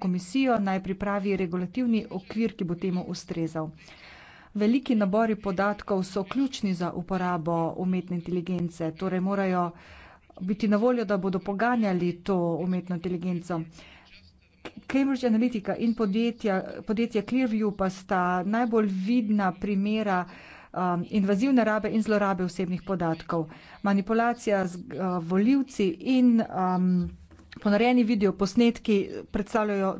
komisijo, naj pripravi regulativni okvir, ki bo temu ustrezal. Veliki nabori podatkov so ključni za uporabo umetne inteligence, torej morajo biti na voljo, da bodo poganjali to umetno inteligenco. Cambridge Analytica in podjetja, podjetje Clearview pa sta najbolj vidna primera um, invazivne rabe in zlorabe osebnih podatkov. Manipulacija z uh, voljivci in um, ponarejeni video posnetki predstavljajo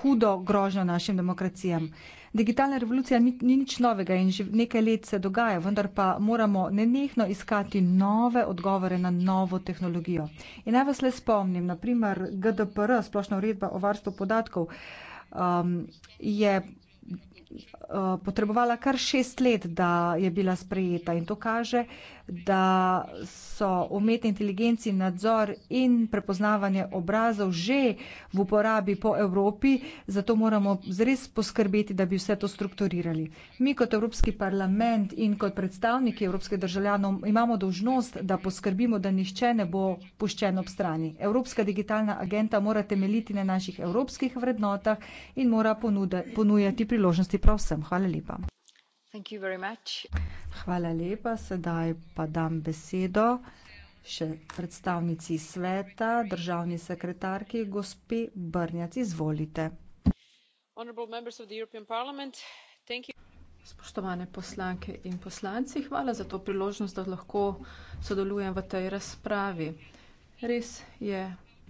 hudo grožnjo našim demokracijam. Digitalna revolucija ni, ni nič novega in že nekaj let se dogaja, vendar pa moramo nenehno iskati nove odgovore na novo tehnologijo. In naj vas le spomnim, naprimer GDPR, splošna uredba o varstvu podatkov, um, je uh, potrebovala kar šest let, da je bila sprejeta in to kaže, uh, da so umetne inteligenci nadzor in prepoznavanje obrazov že v uporabi po Evropi, zato moramo zres poskrbeti, da bi vse to strukturirali. Mi kot Evropski parlament in kot predstavniki evropskih državljanov imamo dožnost, da poskrbimo, da nišče ne bo puščen ob strani. Evropska digitalna agenta mora temeljiti na naših evropskih vrednotah in mora ponuda, ponujati priložnosti prav vsem. Hvala lepa. Hvala lepa. Sedaj pa dam besedo še predstavnici sveta, državni sekretarki, gospe Brnjac. Izvolite. Spoštovane poslanke in poslanci, hvala za to priložnost, da lahko sodelujem v tej razpravi. Res je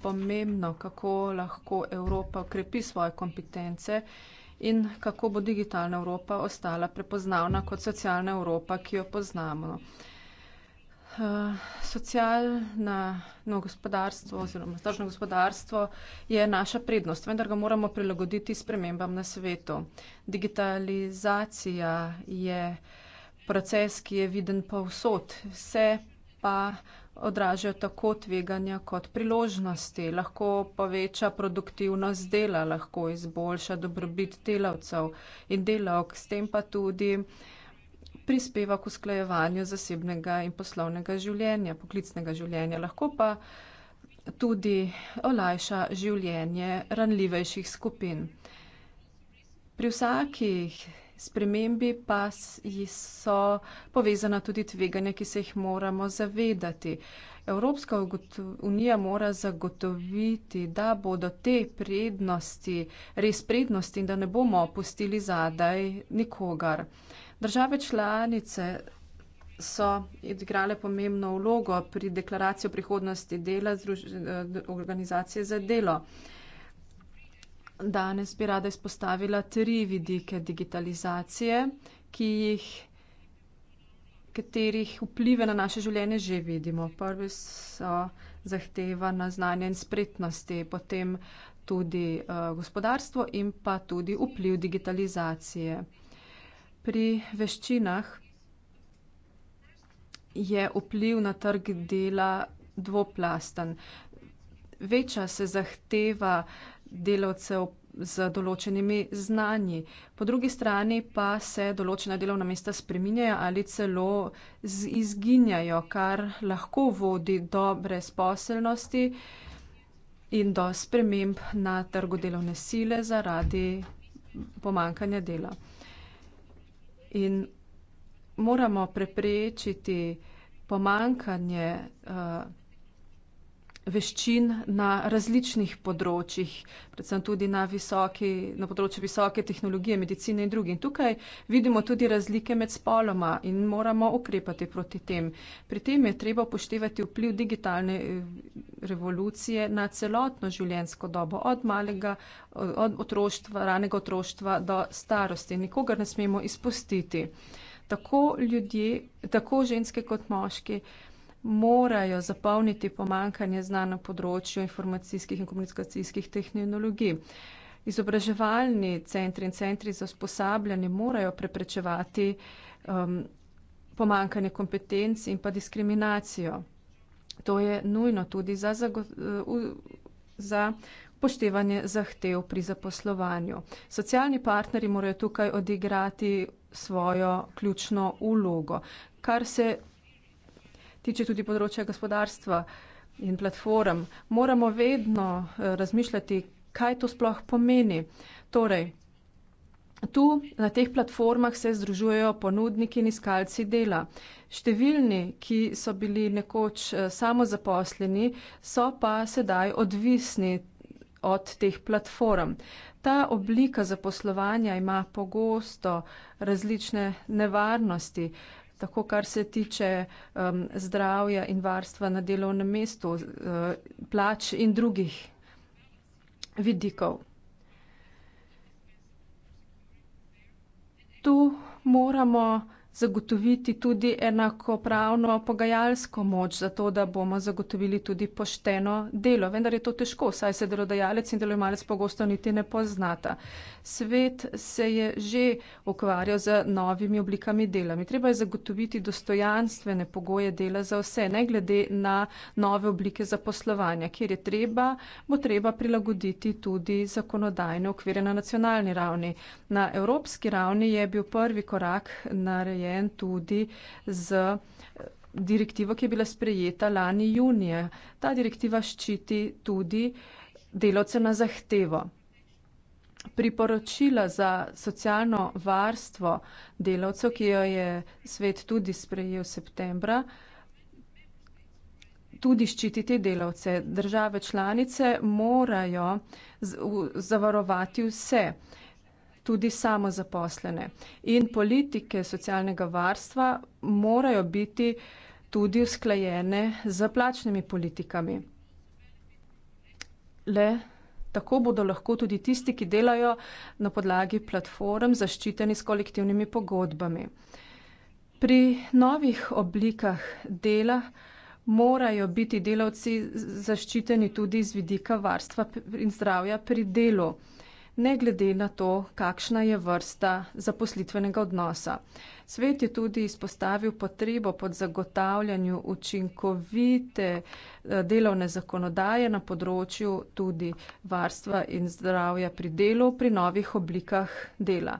pomembno, kako lahko Evropa okrepi svoje kompetence in in kako bo digitalna Evropa ostala prepoznavna kot socialna Evropa, ki jo poznamo. Uh, socialna no, gospodarstvo oziroma stožno gospodarstvo je naša prednost, vendar ga moramo prilagoditi spremembam na svetu. Digitalizacija je proces, ki je viden povsod, vse pa odražajo tako tveganja kot priložnosti, lahko poveča produktivnost dela, lahko izboljša dobrobit delavcev in delavk, s tem pa tudi prispeva k usklajevanju zasebnega in poslovnega življenja, poklicnega življenja, lahko pa tudi olajša življenje ranljivejših skupin. Pri vsakih spremembi pa so povezana tudi tveganja, ki se jih moramo zavedati. Evropska unija mora zagotoviti, da bodo te prednosti res prednosti in da ne bomo pustili zadaj nikogar. Države članice so igrale pomembno vlogo pri deklaraciji o prihodnosti dela Združ eh, organizacije za delo. Danes bi rada izpostavila tri vidike digitalizacije, ki jih katerih vplive na naše življenje že vidimo. Prvi so zahteva na znanje in spretnosti, potem tudi uh, gospodarstvo in pa tudi vpliv digitalizacije. Pri veščinah je vpliv na trg dela dvoplasten. Večja se zahteva uh, delavcev z določenimi znanji. Po drugi strani pa se določena delovna mesta spreminjajo ali celo izginjajo, kar lahko vodi do brezposelnosti in do sprememb na trgu delovne sile zaradi pomankanja dela. In moramo preprečiti pomankanje uh, veščin na različnih področjih, predvsem tudi na, visoki, na področju visoke tehnologije, medicine in drugih. Tukaj vidimo tudi razlike med spoloma in moramo ukrepati proti tem. Pri tem je treba upoštevati vpliv digitalne eh, revolucije na celotno življenjsko dobo, od malega od otroštva, ranega otroštva do starosti. Nikogar ne smemo izpustiti. Tako ljudje, tako ženske kot moški, morajo zapolniti pomankanje znanja na področju informacijskih in komunikacijskih tehnologij. Izobraževalni centri in centri za usposabljanje morajo preprečevati um, pomankanje kompetenc in pa diskriminacijo. To je nujno tudi za, za poštevanje zahtev pri zaposlovanju. Socialni partneri morajo tukaj odigrati svojo ključno ulogo, kar se tiče tudi področja gospodarstva in platform, moramo vedno eh, razmišljati, kaj to sploh pomeni. Torej, tu na teh platformah se združujejo ponudniki in iskalci dela. Številni, ki so bili nekoč eh, samozaposleni, so pa sedaj odvisni od teh platform. Ta oblika zaposlovanja ima pogosto različne nevarnosti. Uh, tako kar se tiče um, zdravja in varstva na delovnem mestu, uh, plač in drugih vidikov. Tu moramo zagotoviti tudi enakopravno pogajalsko moč, zato da bomo zagotovili tudi pošteno delo. Vendar je to težko, saj se delodajalec in delojemalec pogosto niti ne poznata. Svet se je že ukvarjal z novimi oblikami dela. Treba je zagotoviti dostojanstvene pogoje dela za vse, ne glede na nove oblike zaposlovanja, kjer je treba, bo treba prilagoditi tudi zakonodajne okvire na nacionalni ravni. Na evropski ravni je bil prvi korak narejen usklajen tudi z eh, direktivo, ki je bila sprejeta lani junija. Ta direktiva ščiti tudi delavce na zahtevo. Priporočila za socialno varstvo delavcev, ki jo je svet tudi sprejel septembra, tudi ščiti te delavce. Države članice morajo zavarovati vse tudi samozaposlene. In politike socialnega varstva morajo biti tudi usklajene z plačnimi politikami. Le tako bodo lahko tudi tisti, ki delajo na podlagi platform, zaščiteni s kolektivnimi pogodbami. Pri novih oblikah dela morajo biti delavci zaščiteni tudi z vidika varstva in zdravja pri delu ne glede na to, kakšna je vrsta zaposlitvenega odnosa. Svet je tudi izpostavil potrebo pod zagotavljanju učinkovite eh, delovne zakonodaje na področju tudi varstva in zdravja pri delu pri novih oblikah dela.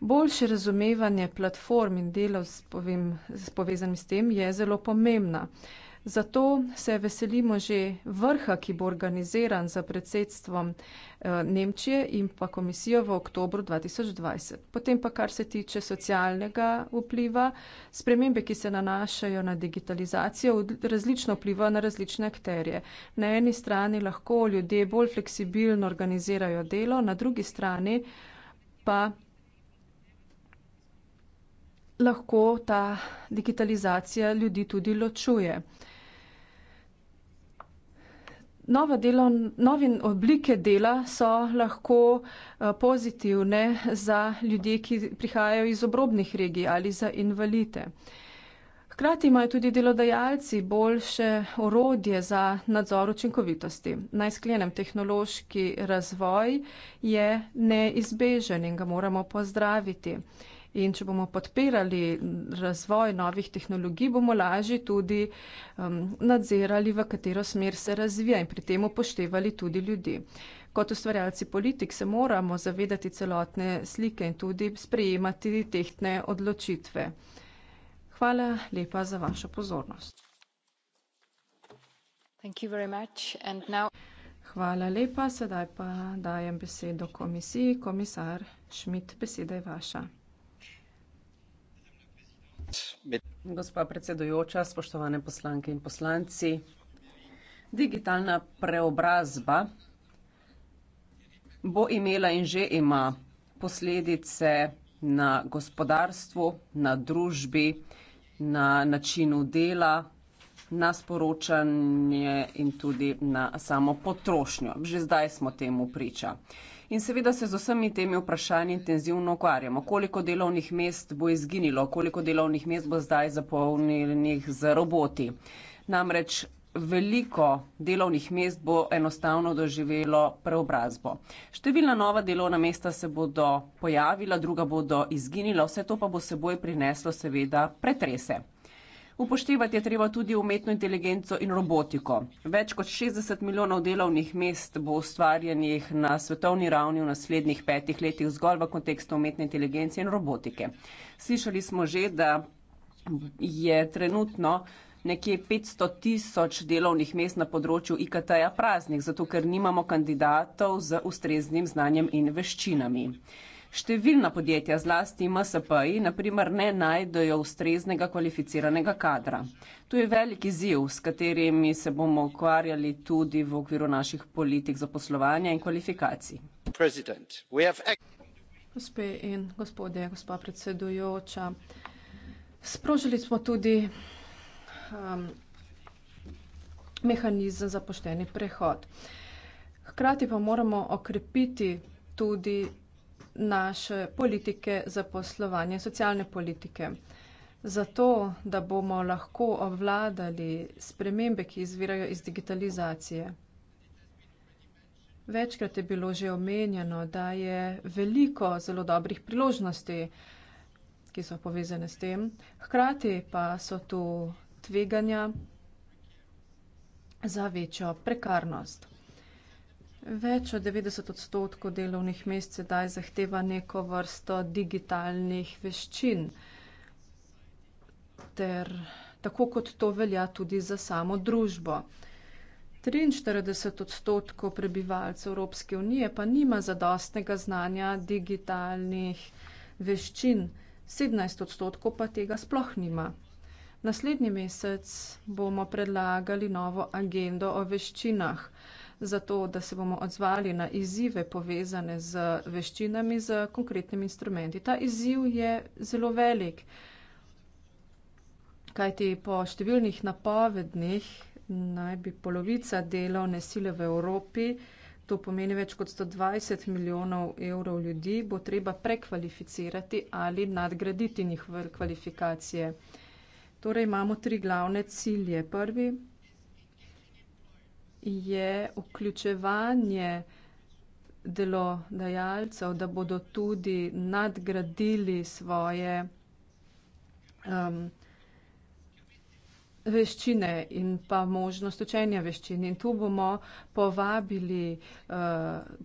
Boljše razumevanje platform in delov s, povem, s povezanim s tem je zelo pomembna. Uh, Zato se veselimo že vrha, ki bo organiziran za predsedstvom eh, Nemčije in pa komisijo v oktobru 2020. Potem pa, kar se tiče socialnega vpliva, spremembe, ki se nanašajo na digitalizacijo, različno vpliva na različne akterje. Na eni strani lahko ljudje bolj fleksibilno organizirajo delo, na drugi strani pa lahko ta digitalizacija ljudi tudi ločuje. Nove delo, novi oblike dela so lahko eh, pozitivne za ljudi, ki prihajajo iz obrobnih regij ali za invalide. Hkrati imajo tudi delodajalci boljše orodje za nadzor učinkovitosti. Naj sklenem, tehnološki razvoj je neizbežen in ga moramo pozdraviti. In če bomo podpirali razvoj novih tehnologij, bomo lažje tudi um, nadzirali, v katero smer se razvija in pri tem upoštevali tudi ljudi. Kot ustvarjalci politik se moramo zavedati celotne slike in tudi sprejemati tehtne odločitve. Hvala lepa za vašo pozornost. Hvala lepa. Sedaj pa dajem besedo komisiji. Komisar Schmidt, beseda je vaša. Gospa predsedujoča, spoštovane poslanke in poslanci. Digitalna preobrazba bo imela in že ima posledice na gospodarstvu, na družbi, na načinu dela, na sporočanje in tudi na samo potrošnjo. Že zdaj smo temu priča. In seveda se z vsemi temi vprašanji intenzivno ukvarjamo. Koliko delovnih mest bo izginilo, koliko delovnih mest bo zdaj zapolnjenih z roboti. Namreč veliko delovnih mest bo enostavno doživelo preobrazbo. Številna nova delovna mesta se bodo pojavila, druga bodo izginila, vse to pa bo seboj prineslo seveda pretrese. Upoštevati je treba tudi umetno inteligenco in robotiko. Več kot 60 milijonov delovnih mest bo ustvarjenih na svetovni ravni v naslednjih petih letih zgolj v kontekstu umetne inteligence in robotike. Slišali smo že, da je trenutno nekje 500 tisoč delovnih mest na področju IKT-ja praznih, zato ker nimamo kandidatov z ustreznim znanjem in veščinami. Številna podjetja, zlasti MSP-ji, naprimer ne najdejo ustreznega kvalificiranega kadra. To je velik izziv, s katerimi se bomo ukvarjali tudi v okviru naših politik zaposlovanja in kvalifikacij. Gospe in gospodje, gospa predsedujoča, sprožili smo tudi um, mehanizem za pošteni prehod. Hkrati pa moramo okrepiti tudi naše politike za poslovanje, socialne politike. Zato, da bomo lahko obvladali spremembe, ki izvirajo iz digitalizacije. Večkrat je bilo že omenjeno, da je veliko zelo dobrih priložnosti, ki so povezane s tem. Hkrati pa so tu tveganja za večjo prekarnost. Več od 90 odstotkov delovnih mest sedaj zahteva neko vrsto digitalnih veščin. Ter tako kot to velja tudi za samo družbo. 43 odstotkov prebivalcev Evropske unije pa nima zadostnega znanja digitalnih veščin, 17 odstotkov pa tega sploh nima. Naslednji mesec bomo predlagali novo agendo o veščinah zato da se bomo odzvali na izzive povezane z veščinami, z konkretnimi instrumenti. Ta izziv je zelo velik, kajti po številnih napovednih naj bi polovica delovne sile v Evropi, to pomeni več kot 120 milijonov evrov ljudi, bo treba prekvalificirati ali nadgraditi njihove kvalifikacije. Torej imamo tri glavne cilje. Prvi je vključevanje delodajalcev, da bodo tudi nadgradili svoje um, veščine in pa možnost učenja veščin. In tu bomo povabili uh,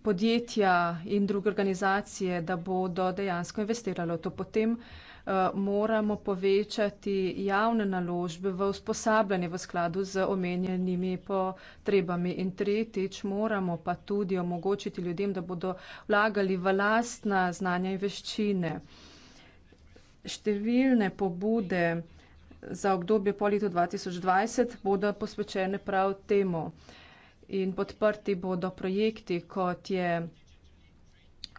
podjetja in druge organizacije, da bodo dejansko investirali v to potem. Uh, Eh, moramo povečati javne naložbe v usposabljanje v skladu z omenjenimi potrebami. In tretjič, moramo pa tudi omogočiti ljudem, da bodo vlagali v lastna znanja in veščine. Številne pobude za obdobje po letu 2020 bodo posvečene prav temu in podprti bodo projekti, kot je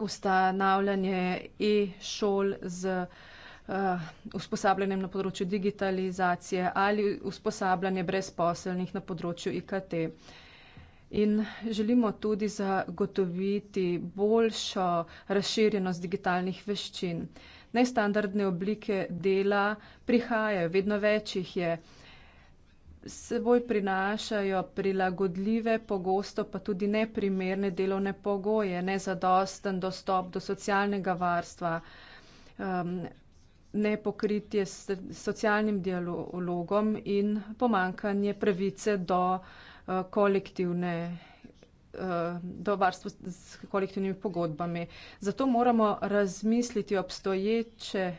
ustanavljanje e-šol z uh, Eh, usposabljanjem na področju digitalizacije ali usposabljanje brezposelnih na področju IKT. In želimo tudi zagotoviti boljšo razširjenost digitalnih veščin. Nestandardne oblike dela prihajajo, vedno več jih je. Seboj prinašajo prilagodljive, pogosto pa tudi neprimerne delovne pogoje, nezadosten dostop do socialnega varstva, um, nepokritje s socialnim dialogom in pomankanje pravice do eh, kolektivne eh, do varstva s kolektivnimi pogodbami. Zato moramo razmisliti obstoječe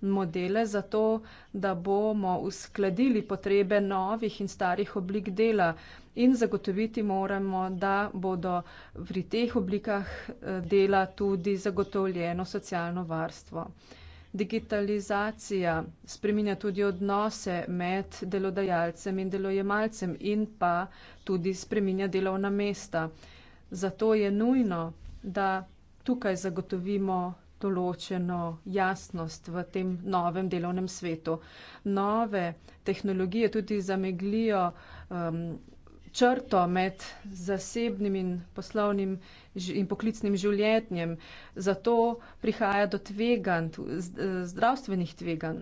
modele, zato da bomo uskladili potrebe novih in starih oblik dela in zagotoviti moramo, da bodo pri teh oblikah eh, dela tudi zagotovljeno socialno varstvo. Digitalizacija spreminja tudi odnose med delodajalcem in delojemalcem in pa tudi spreminja delovna mesta. Zato je nujno, da tukaj zagotovimo določeno jasnost v tem novem delovnem svetu. Nove tehnologije tudi zameglijo um, črto med zasebnim in poslovnim in poklicnim življenjem. Zato prihaja do tveganj, zdravstvenih tveganj.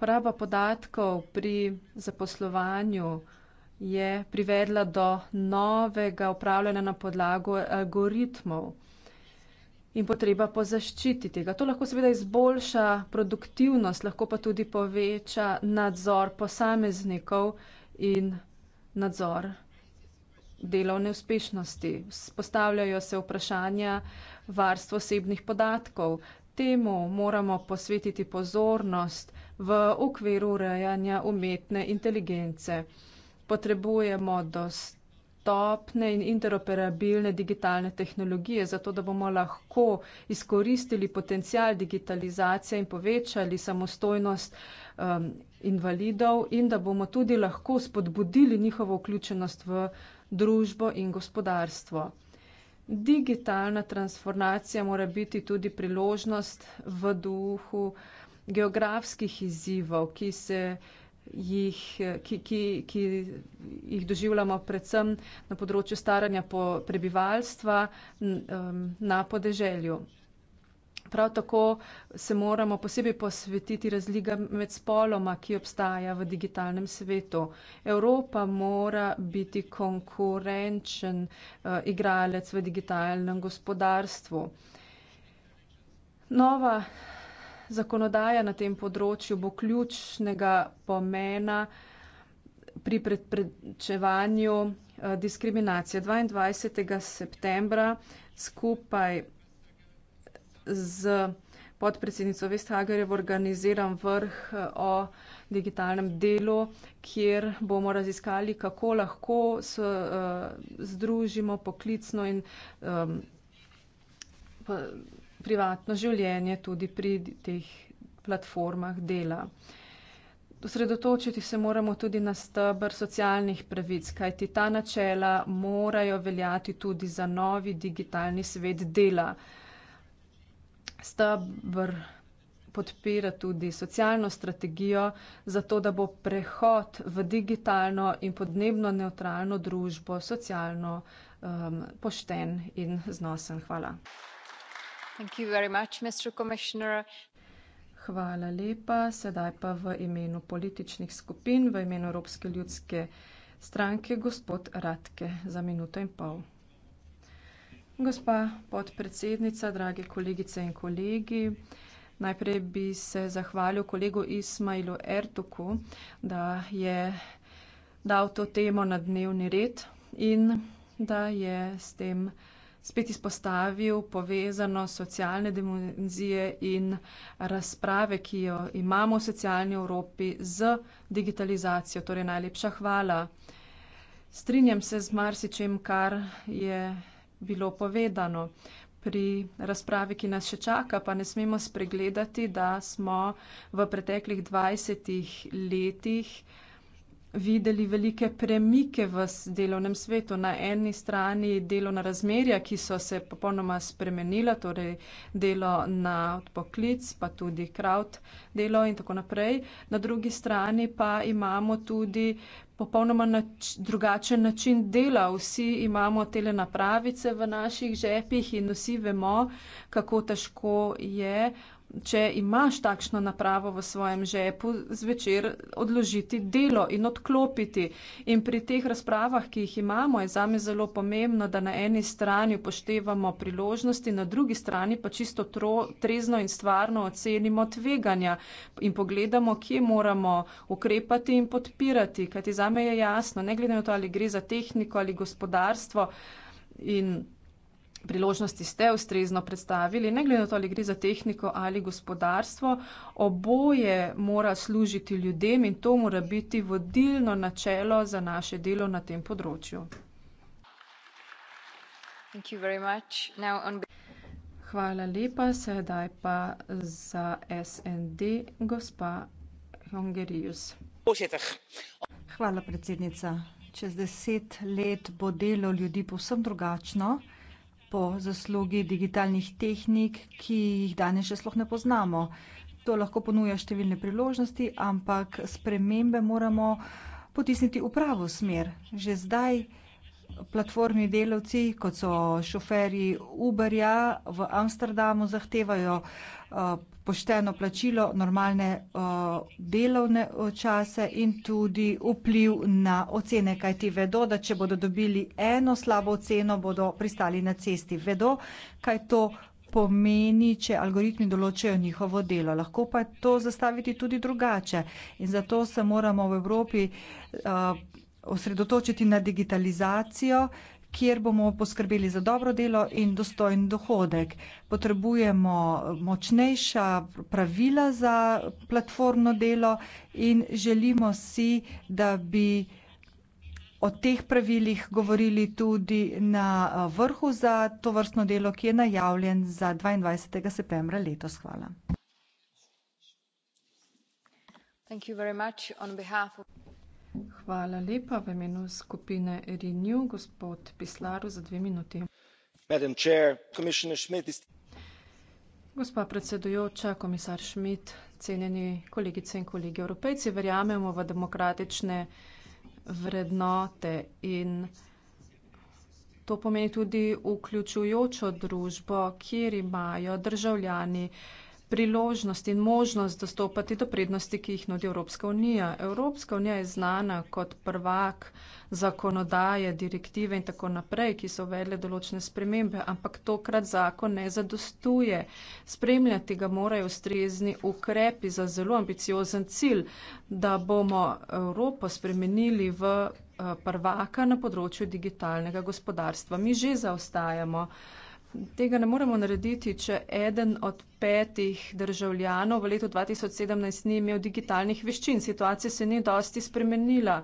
Poraba podatkov pri zaposlovanju je privedla do novega upravljanja na podlagu algoritmov in potreba po zaščiti tega. To lahko seveda izboljša produktivnost, lahko pa tudi poveča nadzor posameznikov in nadzor delovne uspešnosti. Spostavljajo se vprašanja varstva osebnih podatkov. Temu moramo posvetiti pozornost v okviru urejanja umetne inteligence. Potrebujemo dost dostopne in interoperabilne digitalne tehnologije, zato da bomo lahko izkoristili potencial digitalizacije in povečali samostojnost um, invalidov in da bomo tudi lahko spodbudili njihovo vključenost v družbo in gospodarstvo. Digitalna transformacija mora biti tudi priložnost v duhu geografskih izzivov, ki se uh, jih, ki, ki, ki jih doživljamo predvsem na področju staranja po prebivalstva na podeželju. Prav tako se moramo posebej posvetiti razlika med spoloma, ki obstaja v digitalnem svetu. Evropa mora biti konkurenčen uh, igralec v digitalnem gospodarstvu. Nova zakonodaja na tem področju bo ključnega pomena pri predprečevanju eh, diskriminacije. 22. septembra skupaj z podpredsednico Vesthager je organiziran vrh eh, o digitalnem delu, kjer bomo raziskali, kako lahko s, eh, združimo poklicno in um, privatno življenje tudi pri teh platformah dela. Osredotočiti se moramo tudi na stebr socialnih pravic, kajti ta načela morajo veljati tudi za novi digitalni svet dela. Stebr podpira tudi socialno strategijo, zato da bo prehod v digitalno in podnebno neutralno družbo socialno um, pošten in znosen. Hvala. Hvala lepa. Sedaj pa v imenu političnih skupin, v imenu Evropske ljudske stranke, gospod Radke za minuto in pol. Gospa podpredsednica, drage kolegice in kolegi. Najprej bi se zahvalil kolegu Ismailu Ertugu, da je dal to temo na dnevni red in da je s tem, spet izpostavil povezano socialne dimenzije in razprave, ki jo imamo v socialni Evropi z digitalizacijo. Torej, najlepša hvala. Strinjam se z marsičem, kar je bilo povedano. Pri razpravi, ki nas še čaka, pa ne smemo spregledati, da smo v preteklih 20 letih videli velike premike v delovnem svetu. Na eni strani delovna razmerja, ki so se popolnoma spremenila, torej delo na odpoklic, pa tudi kraut delo in tako naprej. Na drugi strani pa imamo tudi popolnoma nač drugačen način dela. Vsi imamo telenapravice v naših žepih in vsi vemo, kako težko je uh, če imaš takšno napravo v svojem žepu, zvečer odložiti delo in odklopiti. In pri teh razpravah, ki jih imamo, je zame zelo pomembno, da na eni strani upoštevamo priložnosti, na drugi strani pa čisto tro, trezno in stvarno ocenimo tveganja in pogledamo, kje moramo ukrepati in podpirati. Kajti zame je jasno, ne glede na to, ali gre za tehniko ali gospodarstvo. In priložnosti ste ustrezno predstavili, ne glede na to, ali gre za tehniko ali gospodarstvo, oboje mora služiti ljudem in to mora biti vodilno načelo za naše delo na tem področju. Hvala lepa, sedaj pa za SND gospa Hongerius. Hvala, predsednica. Čez deset let bo delo ljudi povsem drugačno po zaslugi digitalnih tehnik, ki jih danes še sploh ne poznamo. To lahko ponuja številne priložnosti, ampak spremembe moramo potisniti v pravo smer. Že zdaj platformni delavci, kot so šoferji Uberja v Amsterdamu, zahtevajo uh, pošteno plačilo, normalne uh, delovne uh, čase in tudi vpliv na ocene, kajti vedo, da če bodo dobili eno slabo oceno, bodo pristali na cesti. Vedo, kaj to pomeni, če algoritmi določajo njihovo delo. Lahko pa je to zastaviti tudi drugače in zato se moramo v Evropi uh, osredotočiti na digitalizacijo, uh, kjer bomo poskrbeli za dobro delo in dostojen dohodek. Potrebujemo močnejša pravila za platformno delo in želimo si, da bi o teh pravilih govorili tudi na vrhu za to vrstno delo, ki je najavljen za dvaindvajsetega septembra letos. Hvala. Hvala lepa. V imenu skupine Renew, gospod Pislaru za dve minuti. Madam Chair, Commissioner Schmidt is... Gospa predsedujoča, komisar Schmidt, cenjeni kolegice in kolegi evropejci, verjamemo v demokratične vrednote in to pomeni tudi vključujočo družbo, kjer imajo državljani priložnost in možnost dostopati do prednosti, ki jih nudi Evropska unija. Evropska unija je znana kot prvak zakonodaje, direktive in tako naprej, ki so vedle določene spremembe, ampak tokrat zakon ne zadostuje. Spremljati ga morajo ustrezni ukrepi za zelo ambiciozen cilj, da bomo Evropo spremenili v eh, prvaka na področju digitalnega gospodarstva. Mi že zaostajamo. Tega ne moremo narediti, če eden od petih državljanov v letu 2017 ni imel digitalnih veščin. Situacija se ni dosti spremenila.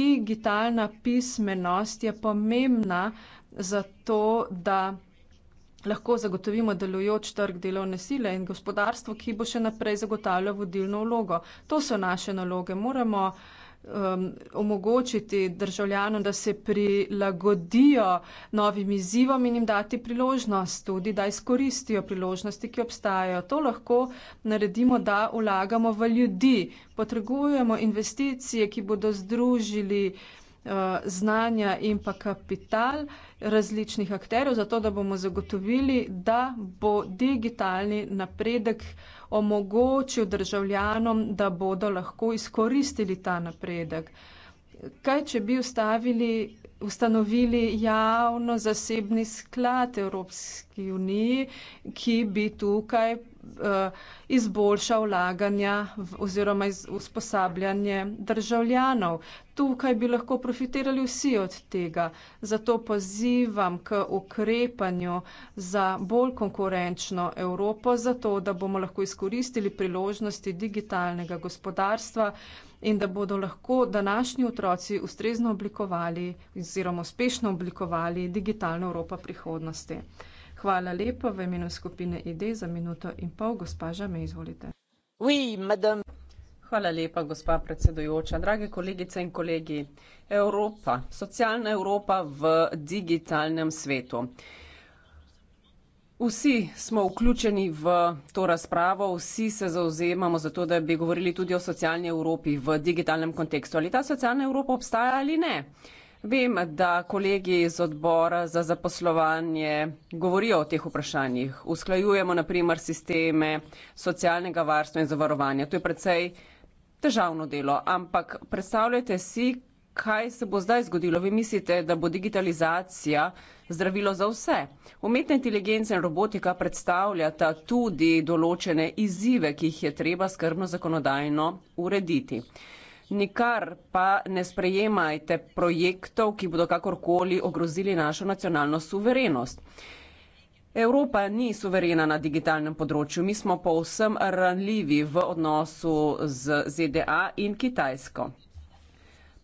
Digitalna pismenost je pomembna zato, da lahko zagotovimo delujoč trg delovne sile in gospodarstvo, ki bo še naprej zagotavljalo vodilno vlogo. To so naše naloge. Moramo uh, um, omogočiti državljanom, da se prilagodijo novim izzivom in jim dati priložnost, tudi da izkoristijo priložnosti, ki obstajajo. To lahko naredimo, da ulagamo v ljudi. Potrebujemo investicije, ki bodo združili uh, znanja in pa kapital različnih akterjev, zato da bomo zagotovili, da bo digitalni napredek omogočil državljanom, da bodo lahko izkoristili ta napredek. Kaj, če bi ustavili, ustanovili javno-zasebni sklad Evropski uniji, ki bi tukaj Eh, izboljša vlaganja oziroma usposabljanje državljanov. Tukaj bi lahko profitirali vsi od tega. Zato pozivam k ukrepanju za bolj konkurenčno Evropo, zato da bomo lahko izkoristili priložnosti digitalnega gospodarstva in da bodo lahko današnji otroci ustrezno oblikovali oziroma uspešno oblikovali digitalno Evropo prihodnosti. Hvala lepa v imenu skupine ID za minuto in pol. Gospa Žame, izvolite. Oui, madame. Hvala lepa, gospa predsedujoča. Drage kolegice in kolegi. Evropa, socialna Evropa v digitalnem svetu. Vsi smo vključeni v to razpravo, vsi se zauzemamo za to, da bi govorili tudi o socialni Evropi v digitalnem kontekstu. Ali ta socialna Evropa obstaja ali ne? Vem, da kolegi iz odbora za zaposlovanje govorijo o teh vprašanjih. Usklajujemo naprimer sisteme socialnega varstva in zavarovanja. To je predvsej težavno delo, ampak predstavljajte si, kaj se bo zdaj zgodilo. Vi mislite, da bo digitalizacija zdravilo za vse. Umetna inteligenca in robotika predstavljata tudi določene izzive, ki jih je treba skrbno zakonodajno urediti. Nikar pa ne sprejemajte projektov, ki bodo kakorkoli ogrozili našo nacionalno suverenost. Evropa ni suverena na digitalnem področju, mi smo pa vsem ranljivi v odnosu z ZDA in Kitajsko.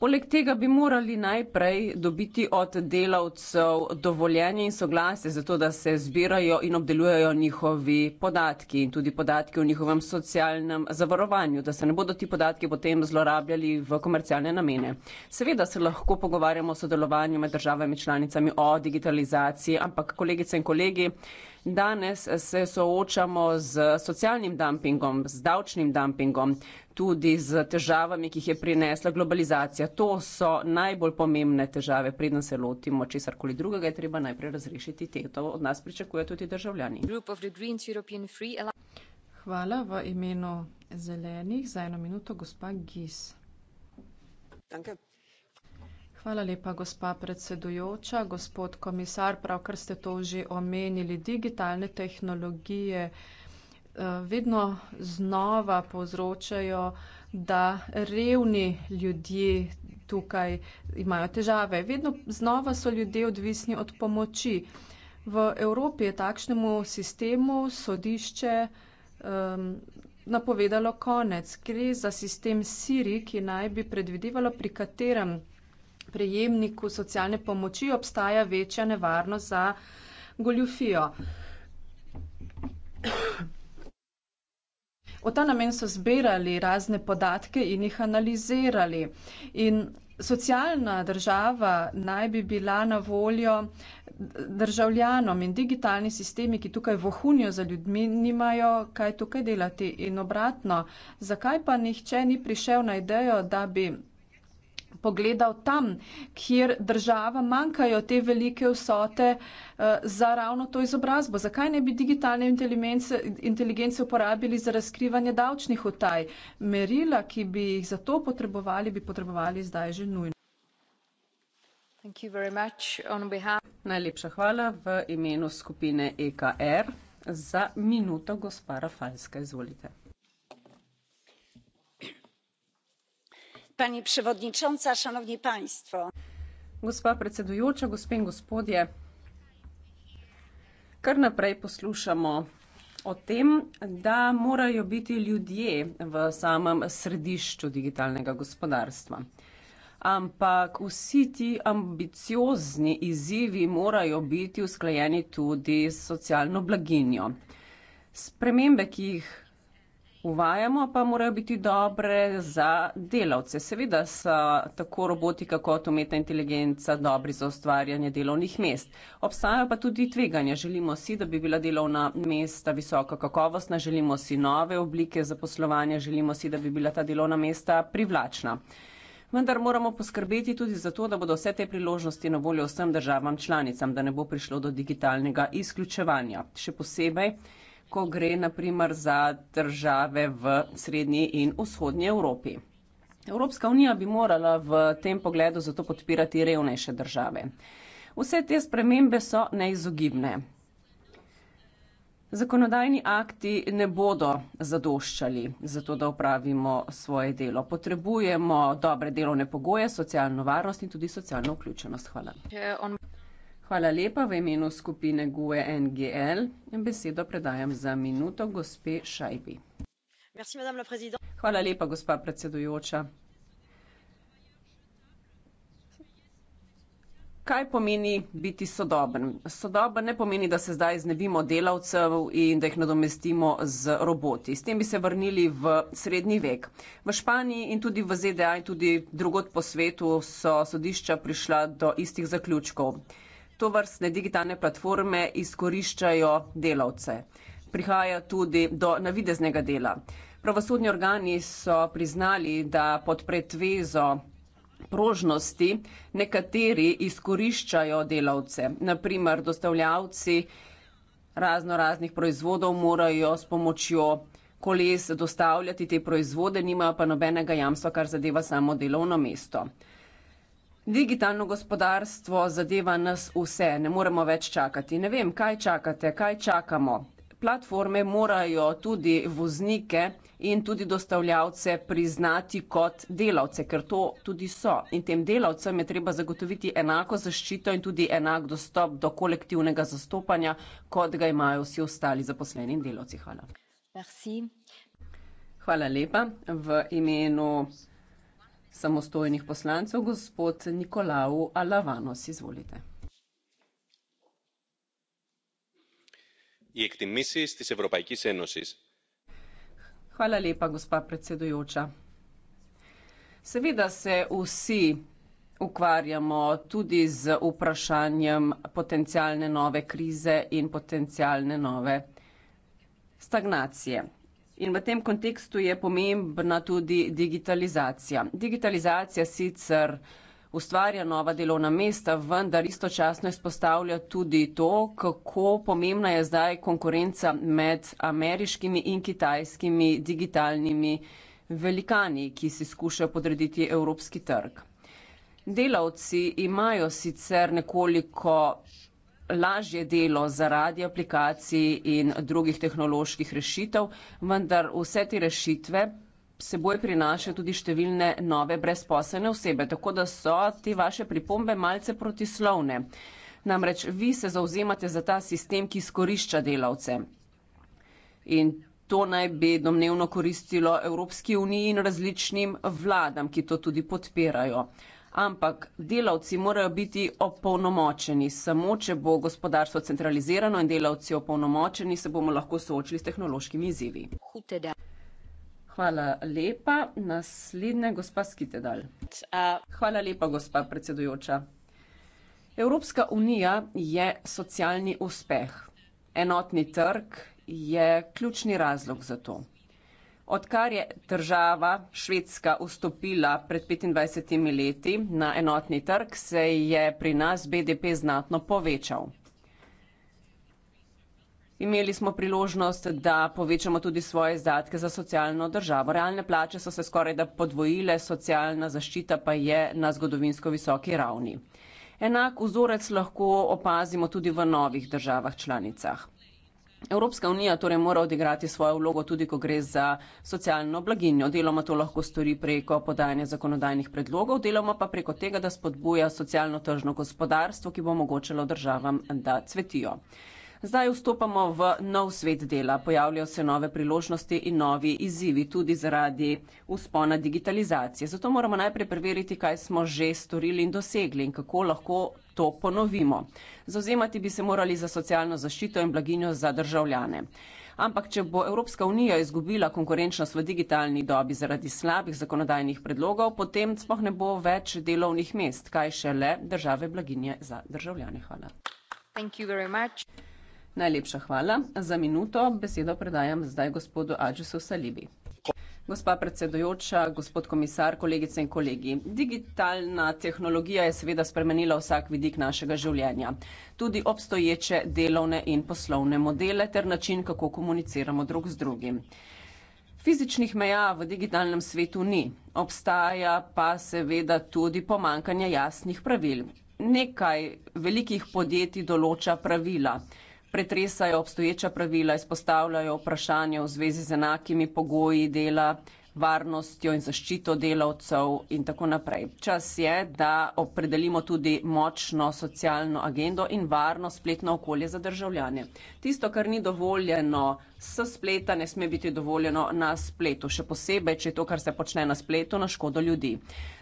Poleg tega bi morali najprej dobiti od delavcev dovoljenje in soglasje za to, da se zbirajo in obdelujejo njihovi podatki in tudi podatki o njihovem socialnem zavarovanju, da se ne bodo ti podatki potem zlorabljali v komercialne namene. Seveda se lahko pogovarjamo o sodelovanju med državami članicami o digitalizaciji, ampak kolegice in kolegi, Danes se soočamo z socialnim dumpingom, z davčnim dumpingom, tudi z težavami, ki jih je prinesla globalizacija. To so najbolj pomembne težave, preden se lotimo česar koli drugega, je treba najprej razrešiti te. To od nas pričakuje tudi državljani. Hvala v imenu zelenih za eno minuto, gospa Gis. Danke. Hvala lepa, gospa predsedujoča. Gospod komisar, pravkar ste to že omenili, digitalne tehnologije eh, vedno znova povzročajo, da revni ljudje tukaj imajo težave. Vedno znova so ljudje odvisni od pomoči. V Evropi je takšnemu sistemu sodišče um, napovedalo konec. Gre za sistem Siri, ki naj bi predvidevalo, pri katerem prejemniku socialne pomoči obstaja večja nevarnost za goljufijo. V ta namen so zbirali razne podatke in jih analizirali. In socialna država naj bi bila na voljo državljanom in digitalni sistemi, ki tukaj vohunijo za ljudmi, nimajo kaj tukaj delati in obratno. Zakaj pa nihče ni prišel na idejo, da bi pogledal tam, kjer država manjkajo te velike vsote eh, za ravno to izobrazbo. Zakaj ne bi digitalne inteligence, inteligence uporabili za razkrivanje davčnih otaj? Merila, ki bi jih za to potrebovali, bi potrebovali zdaj že nujno. Najlepša hvala v imenu skupine EKR. Za minuto gospa Rafalska, izvolite. pani przewodnicząca szanowni państwo! gospa predsedujoča gospe in gospodje kar naprej poslušamo o tem da morajo biti ljudje v samem središču digitalnega gospodarstva. Ampak vsi ti ambiciozni izzivi morajo biti usklajeni tudi s socialno blaginjo. Spremembe, ki jih uvajamo, pa morajo biti dobre za delavce. Seveda so tako robotika kot umetna inteligenca dobri za ustvarjanje delovnih mest. Obstajajo pa tudi tveganja. Želimo si, da bi bila delovna mesta visoka kakovostna, želimo si nove oblike zaposlovanja, želimo si, da bi bila ta delovna mesta privlačna. Vendar moramo poskrbeti tudi za to, da bodo vse te priložnosti na voljo vsem državam članicam, da ne bo prišlo do digitalnega izključevanja. Še posebej ko gre naprimer za države v srednji in vzhodnji Evropi. Evropska unija bi morala v tem pogledu zato podpirati revnejše države. Vse te spremembe so neizogibne. Zakonodajni akti ne bodo zadoščali za to, da upravimo svoje delo. Potrebujemo dobre delovne pogoje, socialno varnost in tudi socialno vključenost. Hvala. Yeah, Hvala lepa v imenu skupine GUE NGL. Besedo predajam za minuto gospe Šajbi. Hvala lepa, gospa predsedujoča. Kaj pomeni biti sodoben? Sodoben ne pomeni, da se zdaj znebimo delavcev in da jih nadomestimo z roboti. S tem bi se vrnili v srednji vek. V Španiji in tudi v ZDA in tudi drugod po svetu so sodišča prišla do istih zaključkov to vrstne digitalne platforme izkoriščajo delavce. Prihaja tudi do navideznega dela. Pravosodni organi so priznali, da pod pretvezo prožnosti nekateri izkoriščajo delavce. Naprimer, dostavljavci razno raznih proizvodov morajo s pomočjo koles dostavljati te proizvode, nimajo pa nobenega jamstva, kar zadeva samo delovno mesto. Digitalno gospodarstvo zadeva nas vse, ne moremo več čakati. Ne vem, kaj čakate, kaj čakamo. Platforme morajo tudi voznike in tudi dostavljavce priznati kot delavce, ker to tudi so. In tem delavcem je treba zagotoviti enako zaščito in tudi enak dostop do kolektivnega zastopanja, kot ga imajo vsi ostali zaposleni in delavci. Hvala. Merci. Hvala lepa. V imenu samostojnih poslancev, gospod Nikolau Alavanos, izvolite. Hvala lepa, gospa predsedujoča. Seveda se vsi ukvarjamo tudi z vprašanjem potencialne nove krize in potencialne nove stagnacije. In v tem kontekstu je pomembna tudi digitalizacija. Digitalizacija sicer ustvarja nova delovna mesta, vendar istočasno izpostavlja tudi to, kako pomembna je zdaj konkurenca med ameriškimi in kitajskimi digitalnimi velikani, ki si skušajo podrediti evropski trg. Delavci imajo sicer nekoliko lažje delo zaradi aplikacij in drugih tehnoloških rešitev, vendar vse te rešitve seboj prinaša tudi številne nove brezposelne osebe, tako da so te vaše pripombe malce protislovne. Namreč vi se zauzemate za ta sistem, ki skorišča delavce. In to naj bi domnevno koristilo Evropski uniji in različnim vladam, ki to tudi podpirajo ampak delavci morajo biti opolnomočeni. Samo, če bo gospodarstvo centralizirano in delavci opolnomočeni, se bomo lahko soočili s tehnološkimi izzivi. Hvala lepa. Naslednja gospa Skitedal. Hvala lepa, gospa predsedujoča. Evropska unija je socialni uspeh. Enotni trg je ključni razlog za to. Odkar je država Švedska vstopila pred 25 leti na enotni trg, se je pri nas BDP znatno povečal. Imeli smo priložnost, da povečamo tudi svoje izdatke za socialno državo. Realne plače so se skoraj da podvojile, socialna zaščita pa je na zgodovinsko visoki ravni. Enak vzorec lahko opazimo tudi v novih državah članicah. Evropska unija torej mora odigrati svojo vlogo tudi, ko gre za socialno blaginjo. Deloma to lahko stori preko podajanja zakonodajnih predlogov, deloma pa preko tega, da spodbuja socialno tržno gospodarstvo, ki bo omogočalo državam, da cvetijo. Zdaj vstopamo v nov svet dela. Pojavljajo se nove priložnosti in novi izzivi tudi zaradi uspona digitalizacije. Zato moramo najprej preveriti, kaj smo že storili in dosegli in kako lahko to ponovimo. Zauzemati bi se morali za socialno zaščito in blaginjo za državljane. Ampak, če bo Evropska unija izgubila konkurenčnost v digitalni dobi zaradi slabih zakonodajnih predlogov, potem sploh ne bo več delovnih mest, kaj šele države blaginje za državljane. Hvala. Najlepša hvala. Za minuto besedo predajam zdaj gospodu Adžusu Salibi. Gospa predsedujoča, gospod komisar, kolegice in kolegi. Digitalna tehnologija je seveda spremenila vsak vidik našega življenja. Tudi obstoječe delovne in poslovne modele ter način, kako komuniciramo drug z drugim. Fizičnih meja v digitalnem svetu ni. Obstaja pa seveda tudi pomankanje jasnih pravil. Nekaj velikih podjetij določa pravila pretresajo obstoječa pravila, izpostavljajo vprašanja v zvezi z enakimi pogoji dela, varnostjo in zaščito delavcev in tako naprej. Čas je, da opredelimo tudi močno socialno agendo in varno spletno okolje za državljane. Tisto, kar ni dovoljeno s spleta, ne sme biti dovoljeno na spletu, še posebej, če je to, kar se počne na spletu, na škodo ljudi.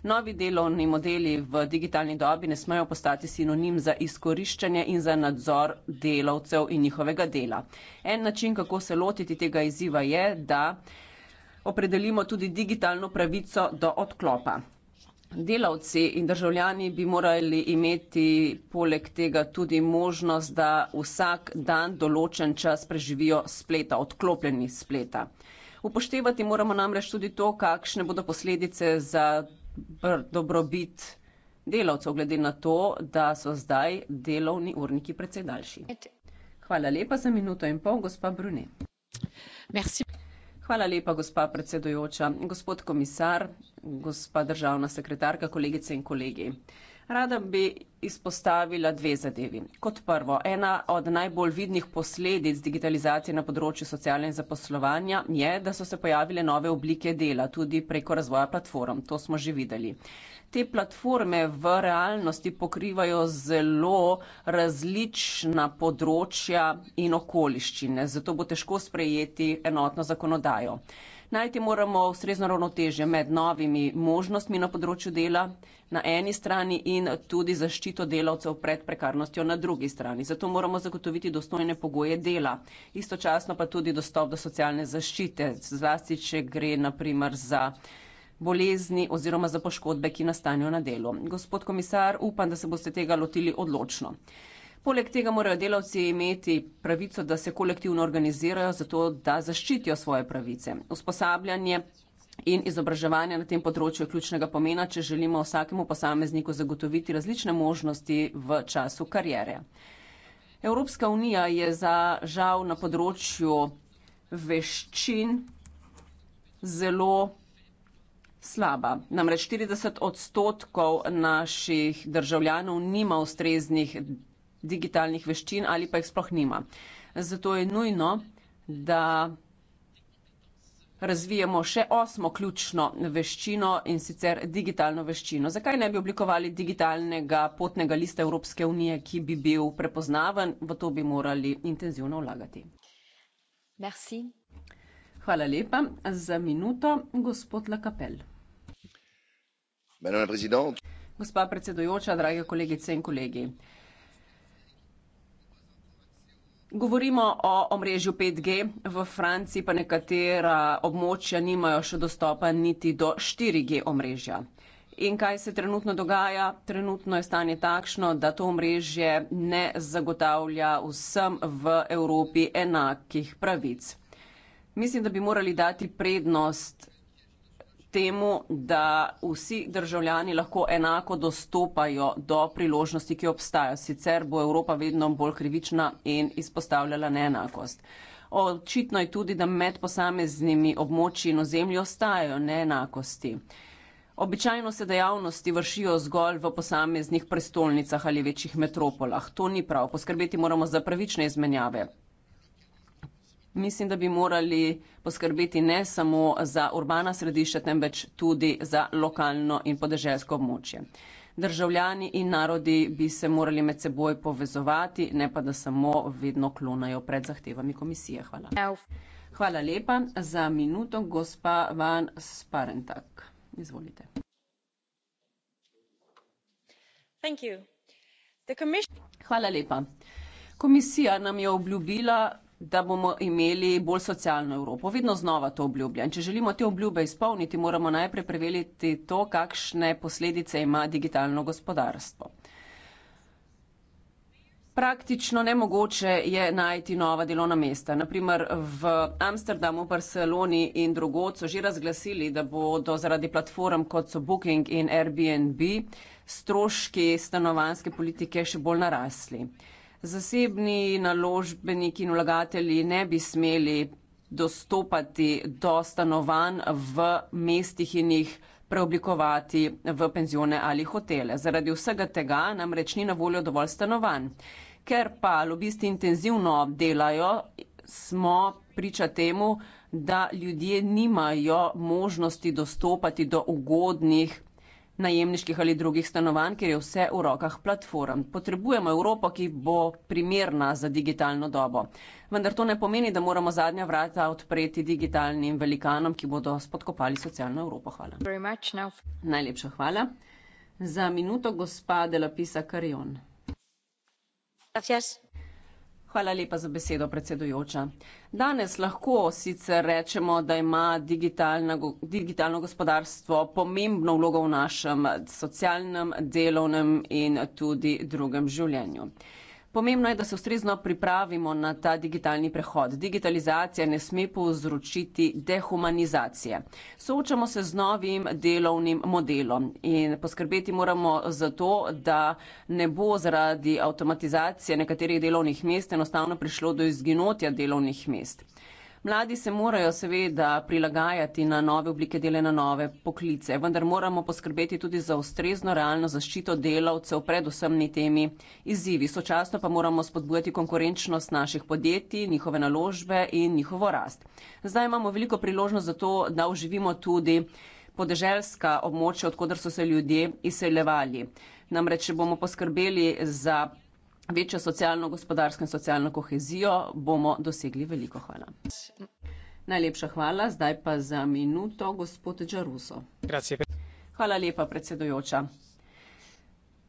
Novi delovni modeli v digitalni dobi ne smejo postati sinonim za izkoriščanje in za nadzor delavcev in njihovega dela. En način, kako se lotiti tega izziva, je, da opredelimo tudi digitalno pravico do odklopa. Delavci in državljani bi morali imeti poleg tega tudi možnost, da vsak dan določen čas preživijo spleta, odklopljeni spleta. Upoštevati moramo namreč tudi to, kakšne bodo posledice za dobrobit delavcev, glede na to, da so zdaj delovni urniki precej daljši. Hvala lepa za minuto in pol, gospa Brune. Merci. Hvala lepa, gospa predsedujoča. Gospod komisar, gospa državna sekretarka, kolegice in kolegi. Rada bi izpostavila dve zadevi. Kot prvo, ena od najbolj vidnih posledic digitalizacije na področju socialnega zaposlovanja je, da so se pojavile nove oblike dela, tudi preko razvoja platform. To smo že videli. Te platforme v realnosti pokrivajo zelo različna področja in okoliščine, zato bo težko sprejeti enotno zakonodajo. Najti moramo ustrezno ravnotežje med novimi možnostmi na področju dela na eni strani in tudi zaščito delavcev pred prekarnostjo na drugi strani. Zato moramo zagotoviti dostojne pogoje dela, istočasno pa tudi dostop do socialne zaščite, zlasti če gre naprimer za bolezni oziroma za poškodbe, ki nastanejo na delu. Gospod komisar, upam, da se boste tega lotili odločno. Poleg tega morajo delavci imeti pravico, da se kolektivno organizirajo, zato da zaščitijo svoje pravice. Usposabljanje in izobraževanje na tem področju je ključnega pomena, če želimo vsakemu posamezniku zagotoviti različne možnosti v času karijere. Evropska unija je za žal na področju veščin zelo slaba. Namreč 40 odstotkov naših državljanov nima ustreznih digitalnih veščin ali pa jih sploh nima. Zato je nujno, da razvijemo še osmo ključno veščino in sicer digitalno veščino. Zakaj ne bi oblikovali digitalnega potnega lista Evropske unije, ki bi bil prepoznaven, v to bi morali intenzivno vlagati. Merci. Hvala lepa. Za minuto gospod Lakapel. Gospa predsedujoča, drage kolegice in kolegi. Govorimo o omrežju 5G, v Franciji pa nekatera območja nimajo še dostopa niti do 4G omrežja. In kaj se trenutno dogaja? Trenutno je stanje takšno, da to omrežje ne zagotavlja vsem v Evropi enakih pravic. Mislim, da bi morali dati prednost temu, da vsi državljani lahko enako dostopajo do priložnosti, ki obstajajo. Sicer bo Evropa vedno bolj krivična in izpostavljala neenakost. Očitno je tudi, da med posameznimi območji in ozemlji ostajajo neenakosti. Običajno se dejavnosti vršijo zgolj v posameznih prestolnicah ali večjih metropolah. To ni prav. Poskrbeti moramo za pravične izmenjave mislim, da bi morali poskrbeti ne samo za urbana središča, temveč tudi za lokalno in podeželsko območje. Državljani in narodi bi se morali med seboj povezovati, ne pa da samo vedno klonajo pred zahtevami komisije. Hvala. Hvala lepa za minuto, gospa Van Sparentak. Izvolite. Hvala lepa. Komisija nam je obljubila da bomo imeli bolj socialno Evropo. Vedno znova to obljublja. In če želimo te obljube izpolniti, moramo najprej preveliti to, kakšne posledice ima digitalno gospodarstvo. Praktično nemogoče je najti nova delovna mesta. Naprimer v Amsterdamu, Barceloni in drugod so že razglasili, da bodo zaradi platform kot so Booking in Airbnb stroški stanovanske politike še bolj narasli zasebni naložbeniki in vlagatelji ne bi smeli dostopati do stanovanj v mestih in jih preoblikovati v penzione ali hotele. Zaradi vsega tega namreč ni na voljo dovolj stanovanj. Ker pa lobisti intenzivno delajo, smo priča temu, da ljudje nimajo možnosti dostopati do ugodnih najemniških ali drugih stanovanj, ker je vse v rokah platform. Potrebujemo Evropo, ki bo primerna za digitalno dobo. Vendar to ne pomeni, da moramo zadnja vrata odpreti digitalnim velikanom, ki bodo spodkopali socialno Evropo. Hvala. Najlepša hvala. Za minuto gospa Delapisa Karjon. Hvala lepa za besedo, predsedujoča. Danes lahko sicer rečemo, da ima digitalna, digitalno gospodarstvo pomembno vlogo v našem socialnem, delovnem in tudi drugem življenju. Pomembno je, da se ustrezno pripravimo na ta digitalni prehod. Digitalizacija ne sme povzročiti dehumanizacije. Soočamo se z novim delovnim modelom in poskrbeti moramo za to, da ne bo zaradi avtomatizacije nekaterih delovnih mest enostavno prišlo do izginotja delovnih mest. Mladi se morajo seveda prilagajati na nove oblike dela, na nove poklice, vendar moramo poskrbeti tudi za ustrezno realno zaščito delavcev pred vsemi temi izzivi. Sočasno pa moramo spodbujati konkurenčnost naših podjetij, njihove naložbe in njihovo rast. Zdaj imamo veliko priložnost za to, da uživimo tudi podeželska območja, odkudar so se ljudje izseljevali. Namreč, če bomo poskrbeli za večjo socialno-gospodarsko in socialno kohezijo, bomo dosegli veliko. Hvala. Najlepša hvala, zdaj pa za minuto, gospod Džaruso. Hvala lepa, predsedujoča.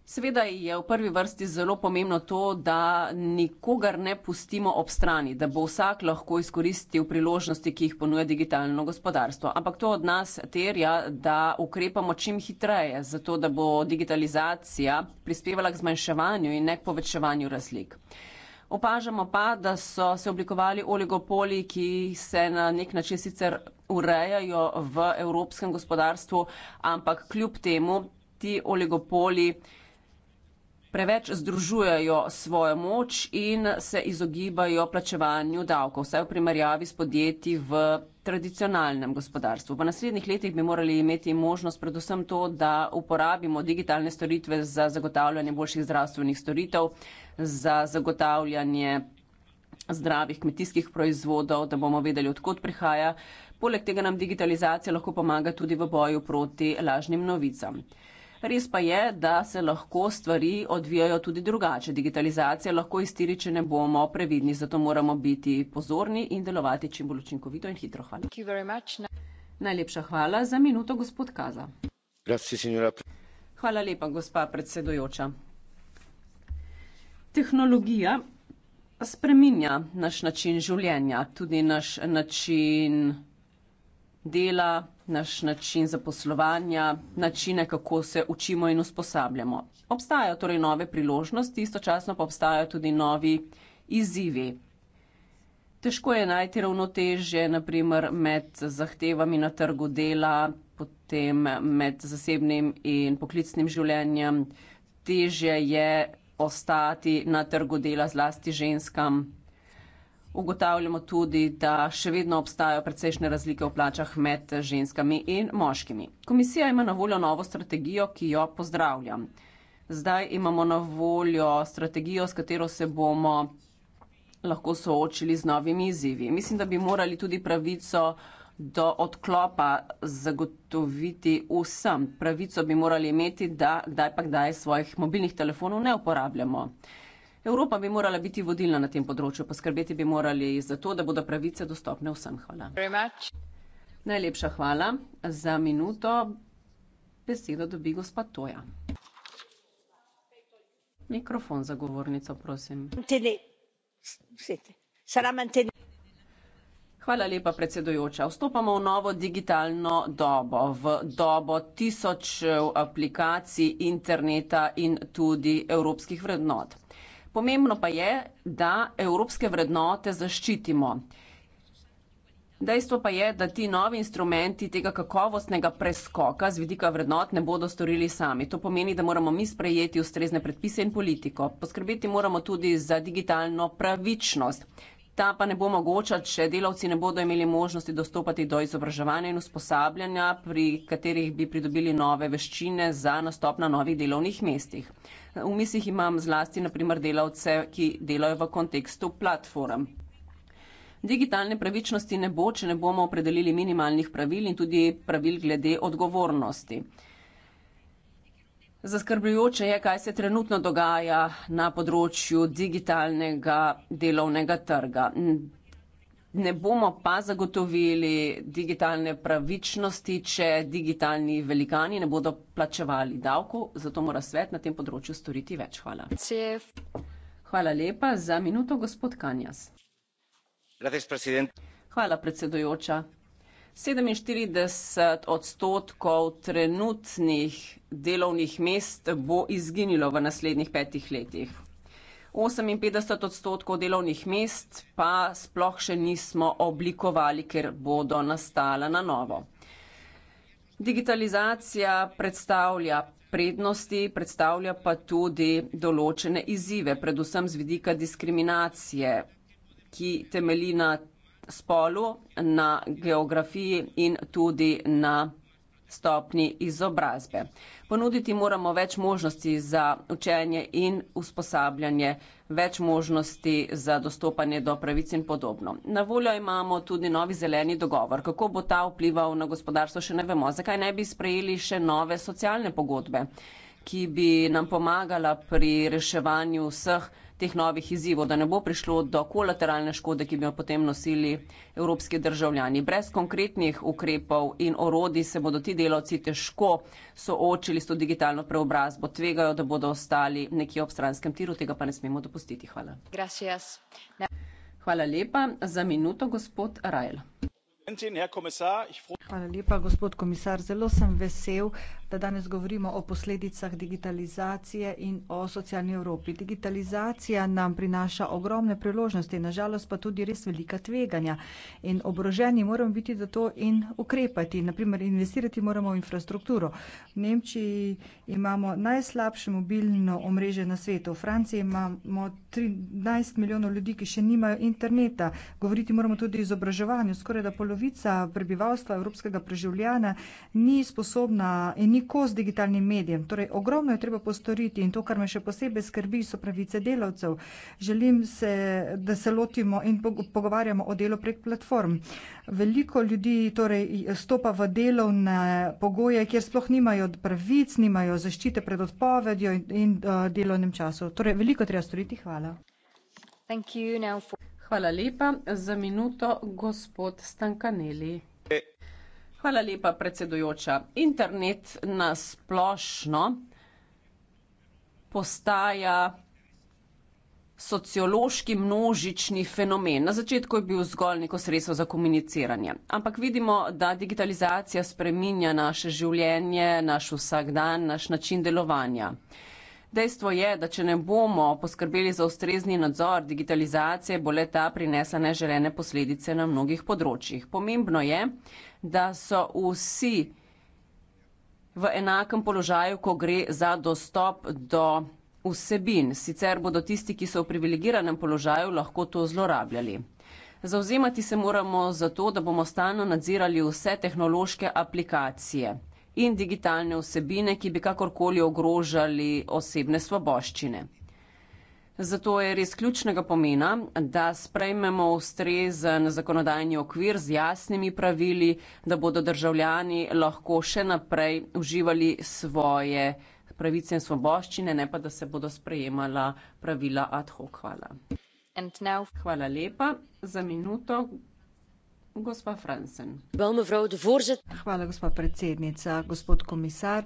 Seveda je v prvi vrsti zelo pomembno to, da nikogar ne pustimo ob strani, da bo vsak lahko izkoristil priložnosti, ki jih ponuja digitalno gospodarstvo. Ampak to od nas terja, da ukrepamo čim hitreje, zato da bo digitalizacija prispevala k zmanjševanju in ne k povečevanju razlik. Opažamo pa, da so se oblikovali oligopoli, ki se na nek način sicer urejajo v evropskem gospodarstvu, ampak kljub temu ti oligopoli preveč združujejo svojo moč in se izogibajo plačevanju davkov, vsaj v primerjavi s podjetji v tradicionalnem gospodarstvu. V naslednjih letih bi morali imeti možnost predvsem to, da uporabimo digitalne storitve za zagotavljanje boljših zdravstvenih storitev, za zagotavljanje zdravih kmetijskih proizvodov, da bomo vedeli, odkot prihaja. Poleg tega nam digitalizacija lahko pomaga tudi v boju proti lažnim novicam. Res pa je, da se lahko stvari odvijajo tudi drugače. Digitalizacija lahko iztiri, če ne bomo previdni, zato moramo biti pozorni in delovati čim bolj učinkovito in hitro. Hvala. Najlepša hvala za minuto, gospod Kaza. Hvala lepa, gospa predsedujoča. Tehnologija spreminja naš način življenja, tudi naš način dela, naš način zaposlovanja, načine, kako se učimo in usposabljamo. Obstajajo torej nove priložnosti, istočasno pa obstajajo tudi novi izzivi. Težko je najti ravnotežje, naprimer med zahtevami na trgu dela, potem med zasebnim in poklicnim življenjem. Težje je ostati na trgu dela zlasti ženskam, Ugotavljamo tudi, da še vedno obstajajo precejšnje razlike v plačah med ženskami in moškimi. Komisija ima na voljo novo strategijo, ki jo pozdravljam. Zdaj imamo na voljo strategijo, s katero se bomo lahko soočili z novimi izzivi. Mislim, da bi morali tudi pravico do odklopa zagotoviti vsem. Pravico bi morali imeti, da kdaj pa kdaj svojih mobilnih telefonov ne uporabljamo. Evropa bi morala biti vodilna na tem področju, poskrbeti bi morali za to, da bodo pravice dostopne vsem. Hvala. Najlepša hvala za minuto. Besedo dobi gospa Toja. Mikrofon za govornico, prosim. Hvala lepa, predsedujoča. Vstopamo v novo digitalno dobo, v dobo tisočev aplikacij, interneta in tudi evropskih vrednot. Pomembno pa je, da evropske vrednote zaščitimo. Dejstvo pa je, da ti novi instrumenti tega kakovostnega preskoka z vidika vrednot ne bodo storili sami. To pomeni, da moramo mi sprejeti ustrezne predpise in politiko. Poskrbeti moramo tudi za digitalno pravičnost. Ta pa ne bo mogoča, če delavci ne bodo imeli možnosti dostopati do izobraževanja in usposabljanja, pri katerih bi pridobili nove veščine za nastop na novih delovnih mestih. V mislih imam zlasti naprimer delavce, ki delajo v kontekstu platform. Digitalne pravičnosti ne bo, če ne bomo opredelili minimalnih pravil in tudi pravil glede odgovornosti. Zaskrbljujoče je, kaj se trenutno dogaja na področju digitalnega delovnega trga. Ne bomo pa zagotovili digitalne pravičnosti, če digitalni velikani ne bodo plačevali davkov, zato mora svet na tem področju storiti več. Hvala. Cef. Hvala lepa. Za minuto gospod Kanjas. Hvala, predsedujoča. 47 odstotkov trenutnih delovnih mest bo izginilo v naslednjih petih letih. 58 odstotkov delovnih mest pa sploh še nismo oblikovali, ker bodo nastala na novo. Digitalizacija predstavlja prednosti, predstavlja pa tudi določene izzive, predvsem z vidika diskriminacije, ki temeli na spolu, na geografiji in tudi na stopni izobrazbe. Ponuditi moramo več možnosti za učenje in usposabljanje, več možnosti za dostopanje do pravic in podobno. Na voljo imamo tudi novi zeleni dogovor. Kako bo ta vplival na gospodarstvo, še ne vemo. Zakaj ne bi sprejeli še nove socialne pogodbe, ki bi nam pomagala pri reševanju vseh teh novih izzivov, da ne bo prišlo do kolateralne škode, ki bi jo potem nosili evropski državljani. Brez konkretnih ukrepov in orodij se bodo ti delavci težko soočili s to digitalno preobrazbo, tvegajo, da bodo ostali nekje ob stranskem tiru, tega pa ne smemo dopustiti. Hvala. Hvala lepa. Za minuto gospod Rajl. Hvala lepa, gospod komisar. Zelo sem vesel, da danes govorimo o posledicah digitalizacije in o socialni Evropi. Digitalizacija nam prinaša ogromne priložnosti, nažalost pa tudi res velika tveganja. In obroženi moramo biti za to in ukrepati. Naprimer, investirati moramo v infrastrukturo. V Nemčiji imamo najslabše mobilno omrežje na svetu. V Franciji imamo 13 milijonov ljudi, ki še nimajo interneta. Govoriti moramo tudi o izobraževanju. Skoraj da polovica prebivalstva evropskega preživljanja ni sposobna in ni kos digitalnim medijem. Torej, ogromno je treba postoriti in to, kar me še posebej skrbi, so pravice delavcev. Želim se, da se lotimo in pogovarjamo o delu prek platform. Veliko ljudi torej stopa v delovne pogoje, kjer sploh nimajo pravic, nimajo zaščite pred odpovedjo in, in uh, delovnem času. Torej, veliko treba storiti. Hvala. Hvala lepa za minuto, gospod Stankaneli. Hvala lepa, predsedujoča. Internet nasplošno postaja sociološki množični fenomen. Na začetku je bil zgolj neko sredstvo za komuniciranje. Ampak vidimo, da digitalizacija spreminja naše življenje, naš vsakdan, naš način delovanja. Dejstvo je, da če ne bomo poskrbeli za ustrezni nadzor digitalizacije, bo le ta prinesla neželene posledice na mnogih področjih. Pomembno je, da so vsi v enakem položaju, ko gre za dostop do vsebin. Sicer bodo tisti, ki so v privilegiranem položaju, lahko to zlorabljali. Zauzemati se moramo za to, da bomo stalno nadzirali vse tehnološke aplikacije in digitalne vsebine, ki bi kakorkoli ogrožali osebne svoboščine. Zato je res ključnega pomena, da sprejmemo ustrezen zakonodajni okvir z jasnimi pravili, da bodo državljani lahko še naprej uživali svoje pravice in svoboščine, ne pa da se bodo sprejemala pravila ad hoc. Hvala. Hvala lepa za minuto. Hvala, gospa predsednica, gospod komisar.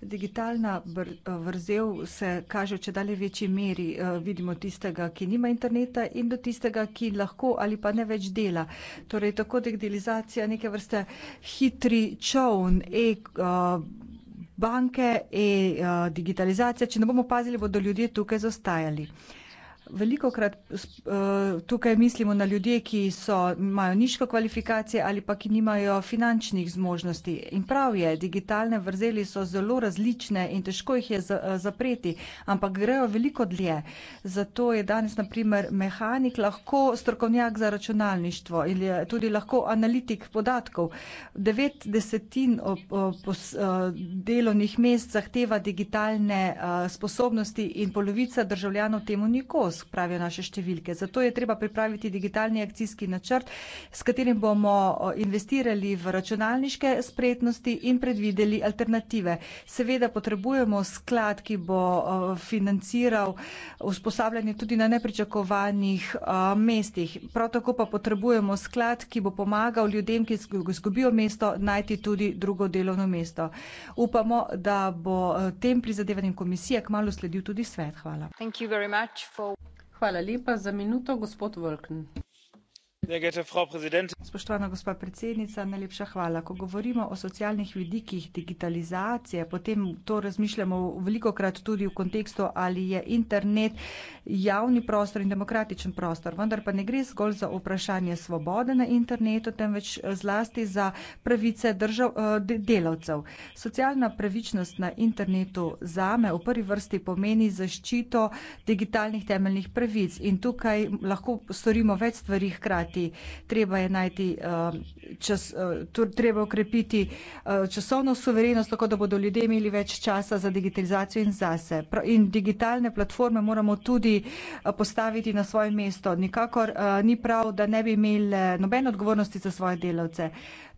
Digitalna vrzel se kaže v če dalje večji meri, eh, vidimo tistega, ki nima interneta in do tistega, ki lahko ali pa ne več dela. Torej, tako digitalizacija neke vrste hitri čovn, e, eh, banke, e, eh, digitalizacija, če ne bomo pazili, bodo ljudje tukaj zostajali. Veliko krat uh, eh, tukaj mislimo na ljudje, ki so, imajo nižko kvalifikacije ali pa ki nimajo finančnih zmožnosti. In prav je, digitalne vrzeli so zelo različne in težko jih je eh, zapreti, ampak grejo veliko dlje. Zato je danes, na primer, mehanik lahko strokovnjak za računalništvo ali tudi lahko analitik podatkov. Devet desetin eh, delovnih mest zahteva digitalne uh, sposobnosti in polovica državljanov temu nikoli letos, pravijo naše številke. Zato je treba pripraviti digitalni akcijski načrt, s katerim bomo investirali v računalniške spretnosti in predvideli alternative. Seveda potrebujemo sklad, ki bo financiral usposabljanje tudi na nepričakovanih mestih. Prav tako pa potrebujemo sklad, ki bo pomagal ljudem, ki izgubijo mesto, najti tudi drugo delovno mesto. Upamo, da bo tem prizadevanjem komisije kmalo sledil tudi svet. Hvala. Hvala lepa. Za minuto gospod Vulkan. Spoštovana gospa predsednica, najlepša hvala. Ko govorimo o socialnih vidikih digitalizacije, potem to razmišljamo veliko krat tudi v kontekstu, ali je internet javni prostor in demokratičen prostor. Vendar pa ne gre zgolj za vprašanje svobode na internetu, temveč zlasti za pravice držav, eh, delavcev. Socialna pravičnost na internetu zame v prvi vrsti pomeni zaščito digitalnih temeljnih pravic in tukaj lahko storimo več stvari hkrati delati, treba je najti eh, čas, eh, treba okrepiti eh, časovno suverenost, tako da bodo ljudje imeli več časa za digitalizacijo in zase. In digitalne platforme moramo tudi postaviti na svoje mesto. Nikakor ni prav, da ne bi imeli nobene odgovornosti za svoje delavce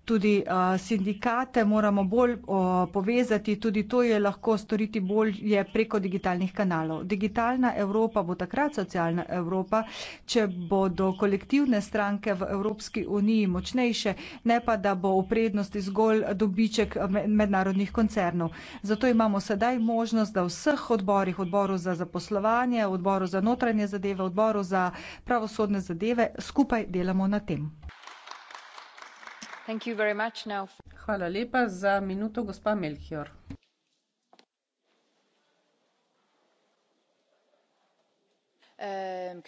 tudi uh, sindikate moramo bolj uh, povezati, tudi to je lahko storiti bolje preko digitalnih kanalov. Digitalna Evropa bo takrat socialna Evropa, če bodo kolektivne stranke v Evropski uniji močnejše, ne pa da bo v prednosti zgolj dobiček mednarodnih koncernov. Zato imamo sedaj možnost, da v vseh odborih, odboru za zaposlovanje, odboru za notranje zadeve, odboru za pravosodne zadeve, skupaj delamo na tem hvala lepa za minuto gospa melchior. Um,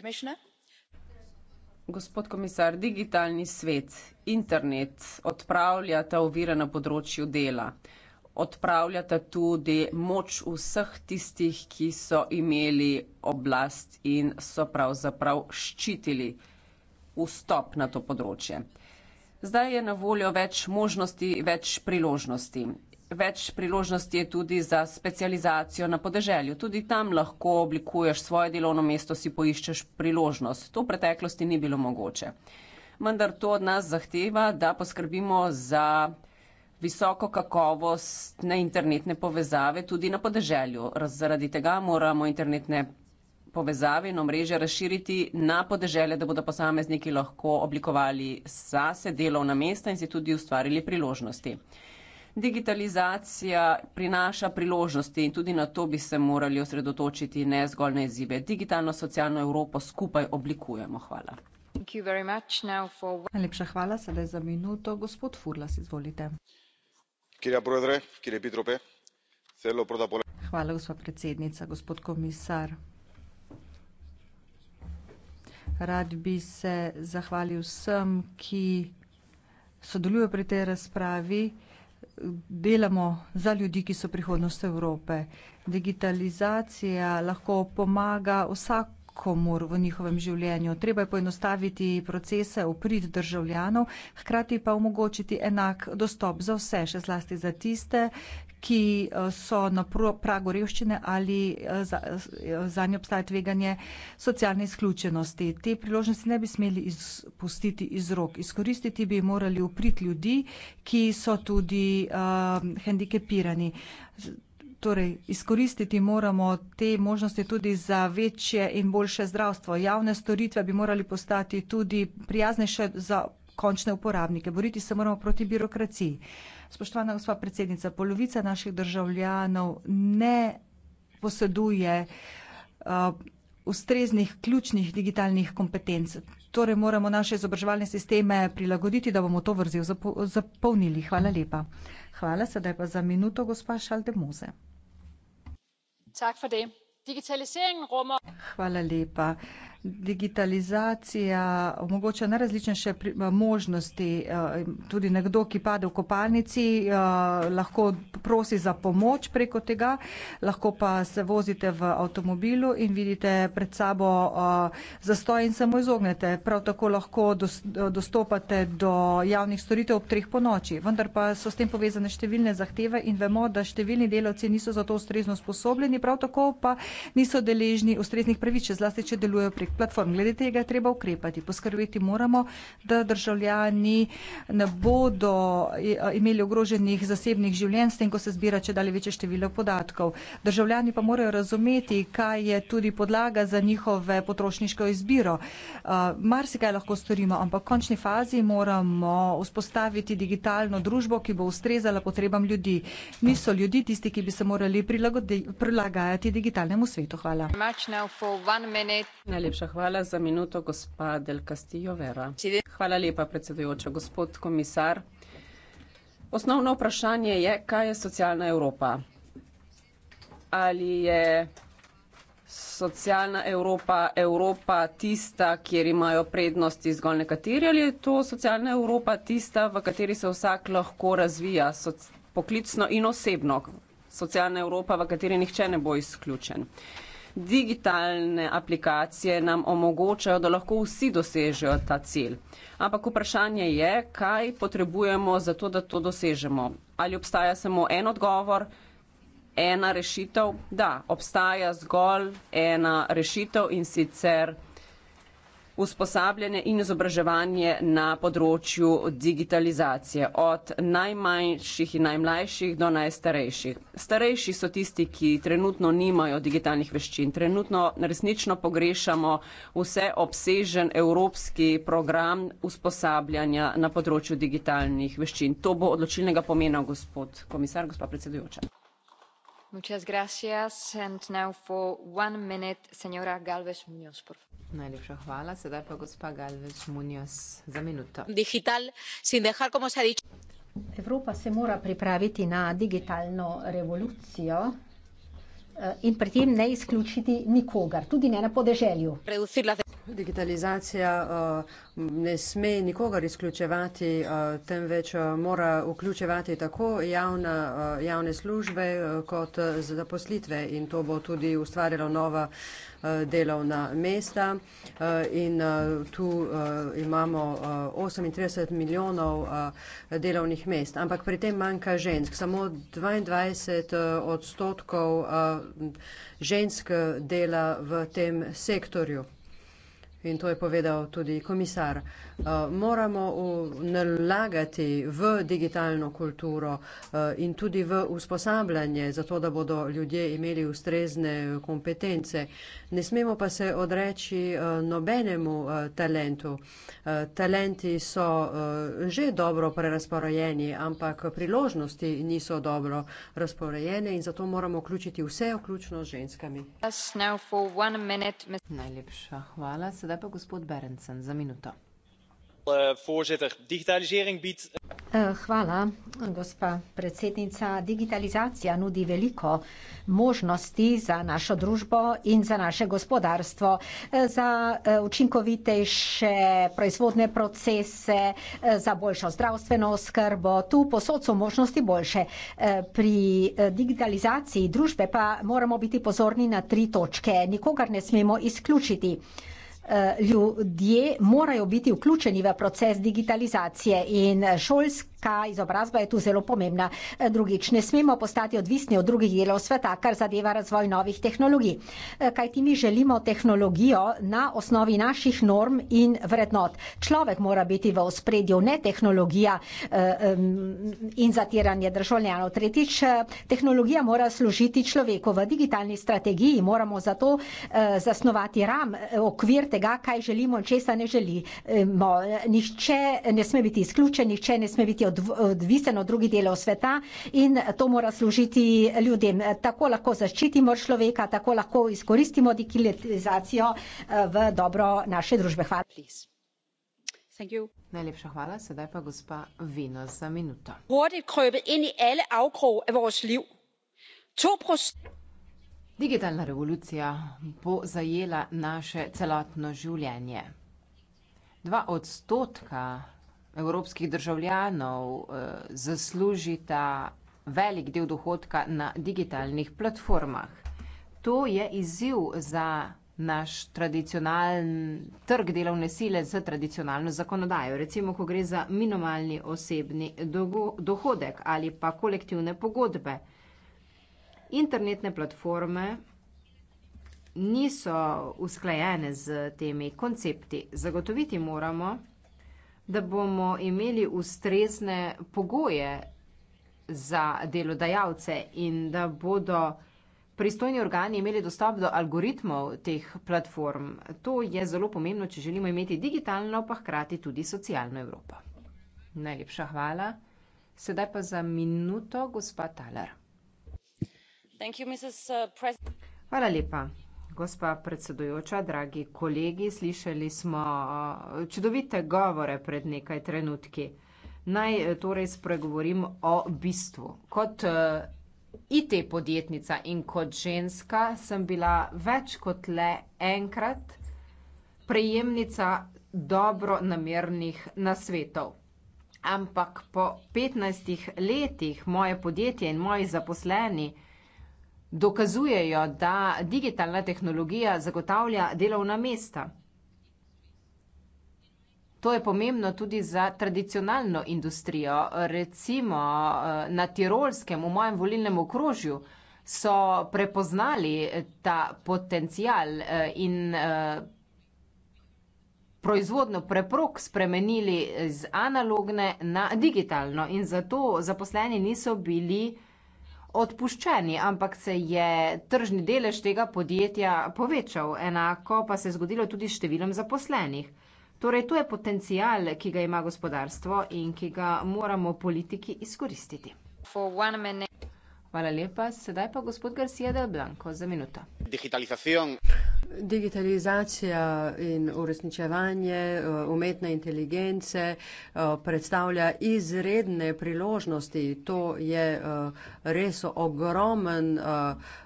gospod komisar digitalni svet internet odpravljata ovire na področju dela odpravljata tudi moč vseh tistih ki so imeli oblast in so pravzaprav ščitili vstop na to področje. Zdaj je na voljo več možnosti, več priložnosti. Več priložnosti je tudi za specializacijo na podeželju. Tudi tam lahko oblikuješ svoje delovno mesto, si poiščeš priložnost. To v preteklosti ni bilo mogoče. Vendar to od nas zahteva, da poskrbimo za visoko kakovostne internetne povezave tudi na podeželju. Zaradi tega moramo internetne povezave in omrežja razširiti na podeželje, da bodo posamezniki lahko oblikovali zase delovna mesta in si tudi ustvarili priložnosti. Digitalizacija prinaša priložnosti in tudi na to bi se morali osredotočiti, ne zgolj na izzive. Digitalno socialno Evropo skupaj oblikujemo. Hvala. Najlepša hvala, sedaj za minuto. Gospod Furlas, izvolite. Hvala, gospa predsednica, gospod komisar. Rad bi se zahvalil vsem, ki sodelujejo pri tej razpravi. Delamo za ljudi, ki so prihodnost Evrope. Digitalizacija lahko pomaga vsak komor v njihovem življenju. Treba je poenostaviti procese v prid državljanov, hkrati pa omogočiti enak dostop za vse, še zlasti za tiste, ki eh, so na pragu revščine ali eh, za eh, nje obstaja tveganje socialne izključenosti. Te priložnosti ne bi smeli izpustiti iz rok. Izkoristiti bi morali uprit ljudi, ki so tudi uh, hendikepirani torej izkoristiti moramo te možnosti tudi za večje in boljše zdravstvo. Javne storitve bi morali postati tudi prijaznejše za končne uporabnike. Boriti se moramo proti birokraciji. Spoštovana gospa predsednica, polovica naših državljanov ne poseduje uh, ustreznih ključnih digitalnih kompetenc. Torej moramo naše izobraževalne sisteme prilagoditi, da bomo to vrzel zapolnili. Hvala lepa. Hvala, sedaj pa za minuto gospa Šaldemoze hvala lepa digitalizacija omogoča najrazličnejše eh, možnosti. Eh, tudi nekdo, ki pade v kopalnici, eh, lahko prosi za pomoč preko tega, lahko pa se vozite v avtomobilu in vidite pred sabo zastoj in se mu izognete. Prav tako lahko dostopate do javnih storitev ob treh po noči. Vendar pa so s tem povezane številne zahteve in vemo, da številni delavci niso za to ustrezno sposobljeni, prav tako pa niso deležni ustreznih pravič, zlasti če delujejo preko teh platform. Glede tega je treba ukrepati. Poskrbeti moramo, da državljani ne bodo eh, imeli ogroženih zasebnih življenj s tem, ko se zbira če dalje večje število podatkov. Državljani pa morajo razumeti, kaj je tudi podlaga za njihove potrošniško izbiro. Eh, marsikaj lahko storimo, ampak v končni fazi moramo vzpostaviti digitalno družbo, ki bo ustrezala potrebam ljudi. Mi so ljudi tisti, ki bi se morali prilagajati digitalnemu svetu. Hvala. Najlepša hvala za minuto, gospa Del Castillo Vera. Hvala lepa, predsedujoča. Gospod komisar, osnovno vprašanje je, kaj je socialna Evropa? Ali je socialna Evropa Evropa tista, kjer imajo prednosti zgolj nekateri, ali je to socialna Evropa tista, v kateri se vsak lahko razvija poklicno in osebno? Socialna Evropa, v kateri nihče ne bo izključen digitalne aplikacije nam omogočajo, da lahko vsi dosežejo ta cilj. Ampak vprašanje je, kaj potrebujemo za to, da to dosežemo. Ali obstaja samo en odgovor, ena rešitev? Da, obstaja zgolj ena rešitev in sicer usposabljanje in izobraževanje na področju digitalizacije, od najmanjših in najmlajših do najstarejših. Starejši so tisti, ki trenutno nimajo digitalnih veščin. Trenutno resnično pogrešamo vse obsežen evropski program usposabljanja na področju digitalnih veščin. To bo odločilnega pomena, gospod komisar, gospa predsedujoča najlepša hvala sedaj pa gospa galvez munoz za minuto. evropa se mora pripraviti na digitalno revolucijo, eh, in pri tem ne izključiti nikogar, tudi ne na podeželju. Digitalizacija eh, ne sme nikogar izključevati, eh, temveč eh, mora vključevati tako javna, javne službe kot zaposlitve in to bo tudi ustvarjalo nova delovna mesta. In tu imamo 38 milijonov delovnih mest, ampak pri tem manjka žensk. Samo 22 odstotkov žensk dela v tem sektorju. In to je povedal tudi komisar. Uh, moramo nalagati v digitalno kulturo uh, in tudi v usposabljanje, zato da bodo ljudje imeli ustrezne kompetence. Ne smemo pa se odreči uh, nobenemu talentu. Talenti so že dobro prerasporojeni, ampak priložnosti niso dobro razporojene in zato moramo vključiti vse, vključno z ženskami. Najlepša hvala. Sedaj pa gospod Berendsen za minuto. Eh, eh, hvala, gospa predsednica. Digitalizacija nudi veliko možnosti za našo družbo in za naše gospodarstvo, eh, za učinkovitejše proizvodne procese, za boljšo zdravstveno oskrbo. Tu posod so možnosti boljše. Pri digitalizaciji družbe pa moramo biti pozorni na tri točke. Nikogar ne smemo izključiti. Eh, ljudje morajo biti vključeni v proces digitalizacije in šolske Ta izobrazba je tu zelo pomembna. Drugič, ne smemo postati odvisni od drugih delov sveta, kar zadeva razvoj novih tehnologij. Kaj ti mi želimo tehnologijo na osnovi naših norm in vrednot? Človek mora biti v ospredju, ne tehnologija in zatiranje državljanov. Tretjič, tehnologija mora služiti človeku. V digitalni strategiji moramo zato eh, zasnovati ram, okvir tega, kaj želimo in česa ne želimo. Nihče ne sme biti izključen, nihče ne sme biti odvisen odvisen od drugih delov sveta in to mora služiti ljudem. Tako lahko zaščitimo človeka, tako lahko izkoristimo digitalizacijo eh, v dobro naše družbe. Hvala. Najlepša hvala, sedaj pa gospa Vino za minuto. Digitalna revolucija bo zajela naše celotno življenje. Dva odstotka evropskih državljanov eh, zaslužita velik del dohodka na digitalnih platformah. To je izziv za naš tradicionalen trg delovne sile z tradicionalno zakonodajo. Recimo, ko gre za minimalni osebni dohodek ali pa kolektivne pogodbe. Internetne platforme niso usklajene z temi koncepti. Zagotoviti moramo, da da bomo imeli ustrezne pogoje za delodajalce in da bodo pristojni organi imeli dostop do algoritmov teh platform. To je zelo pomembno, če želimo imeti digitalno, pa hkrati tudi socialno Evropo. Najlepša hvala. Sedaj pa za minuto gospa Taler. Uh, hvala lepa gospa predsedujoča, dragi kolegi, slišali smo eh, čudovite govore pred nekaj trenutki. Naj eh, torej spregovorim o bistvu. Kot eh, IT podjetnica in kot ženska sem bila več kot le enkrat prejemnica dobro namernih nasvetov. Ampak po 15 letih moje podjetje in moji zaposleni dokazujejo, da digitalna tehnologija zagotavlja delovna mesta. To je pomembno tudi za tradicionalno industrijo. Recimo eh, na Tirolskem, v mojem volilnem okrožju, so prepoznali ta potencial eh, in eh, proizvodno preprog spremenili z analogne na digitalno. In zato zaposleni niso bili odpuščeni, ampak se je tržni delež tega podjetja povečal. Enako pa se je zgodilo tudi s številom zaposlenih. Torej, to je potencial, ki ga ima gospodarstvo in ki ga moramo politiki izkoristiti. Hvala lepa. Sedaj pa gospod Garcia del Blanco za minuto. Digitalizacija in uresničevanje eh, umetne inteligence eh, predstavlja izredne priložnosti. To je eh, res ogromen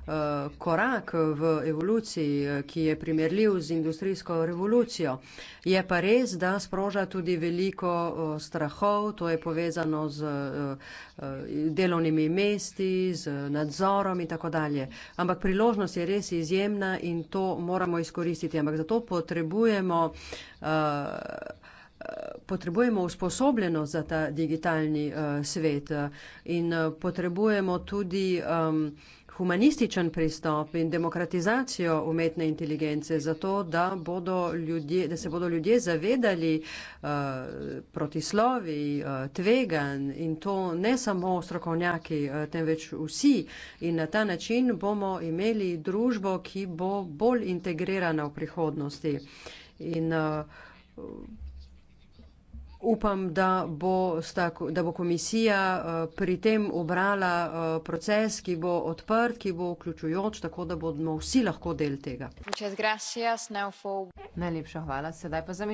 Eh, korak v evoluciji, eh, ki je primerljiv z industrijsko revolucijo. Je pa res, da sproža tudi veliko eh, strahov, to je povezano z delovnimi mesti, z nadzorom in tako dalje. Ampak priložnost je res izjemna in to moramo izkoristiti. Ampak zato potrebujemo. Potrebujemo usposobljenost za ta digitalni uh, svet in uh, potrebujemo tudi um, humanističen pristop in demokratizacijo umetne inteligence zato, da, ljudje, da se bodo ljudje zavedali uh, protislovi, uh, eh, tvegan in to ne samo strokovnjaki, uh, temveč vsi. In na ta način bomo imeli družbo, ki bo bolj integrirana v prihodnosti. In, uh, upam, da bo, sta, da bo komisija eh, pri tem obrala eh, proces, ki bo odprt, ki bo vključujoč, tako da bomo vsi lahko del tega. Najlepša hvala.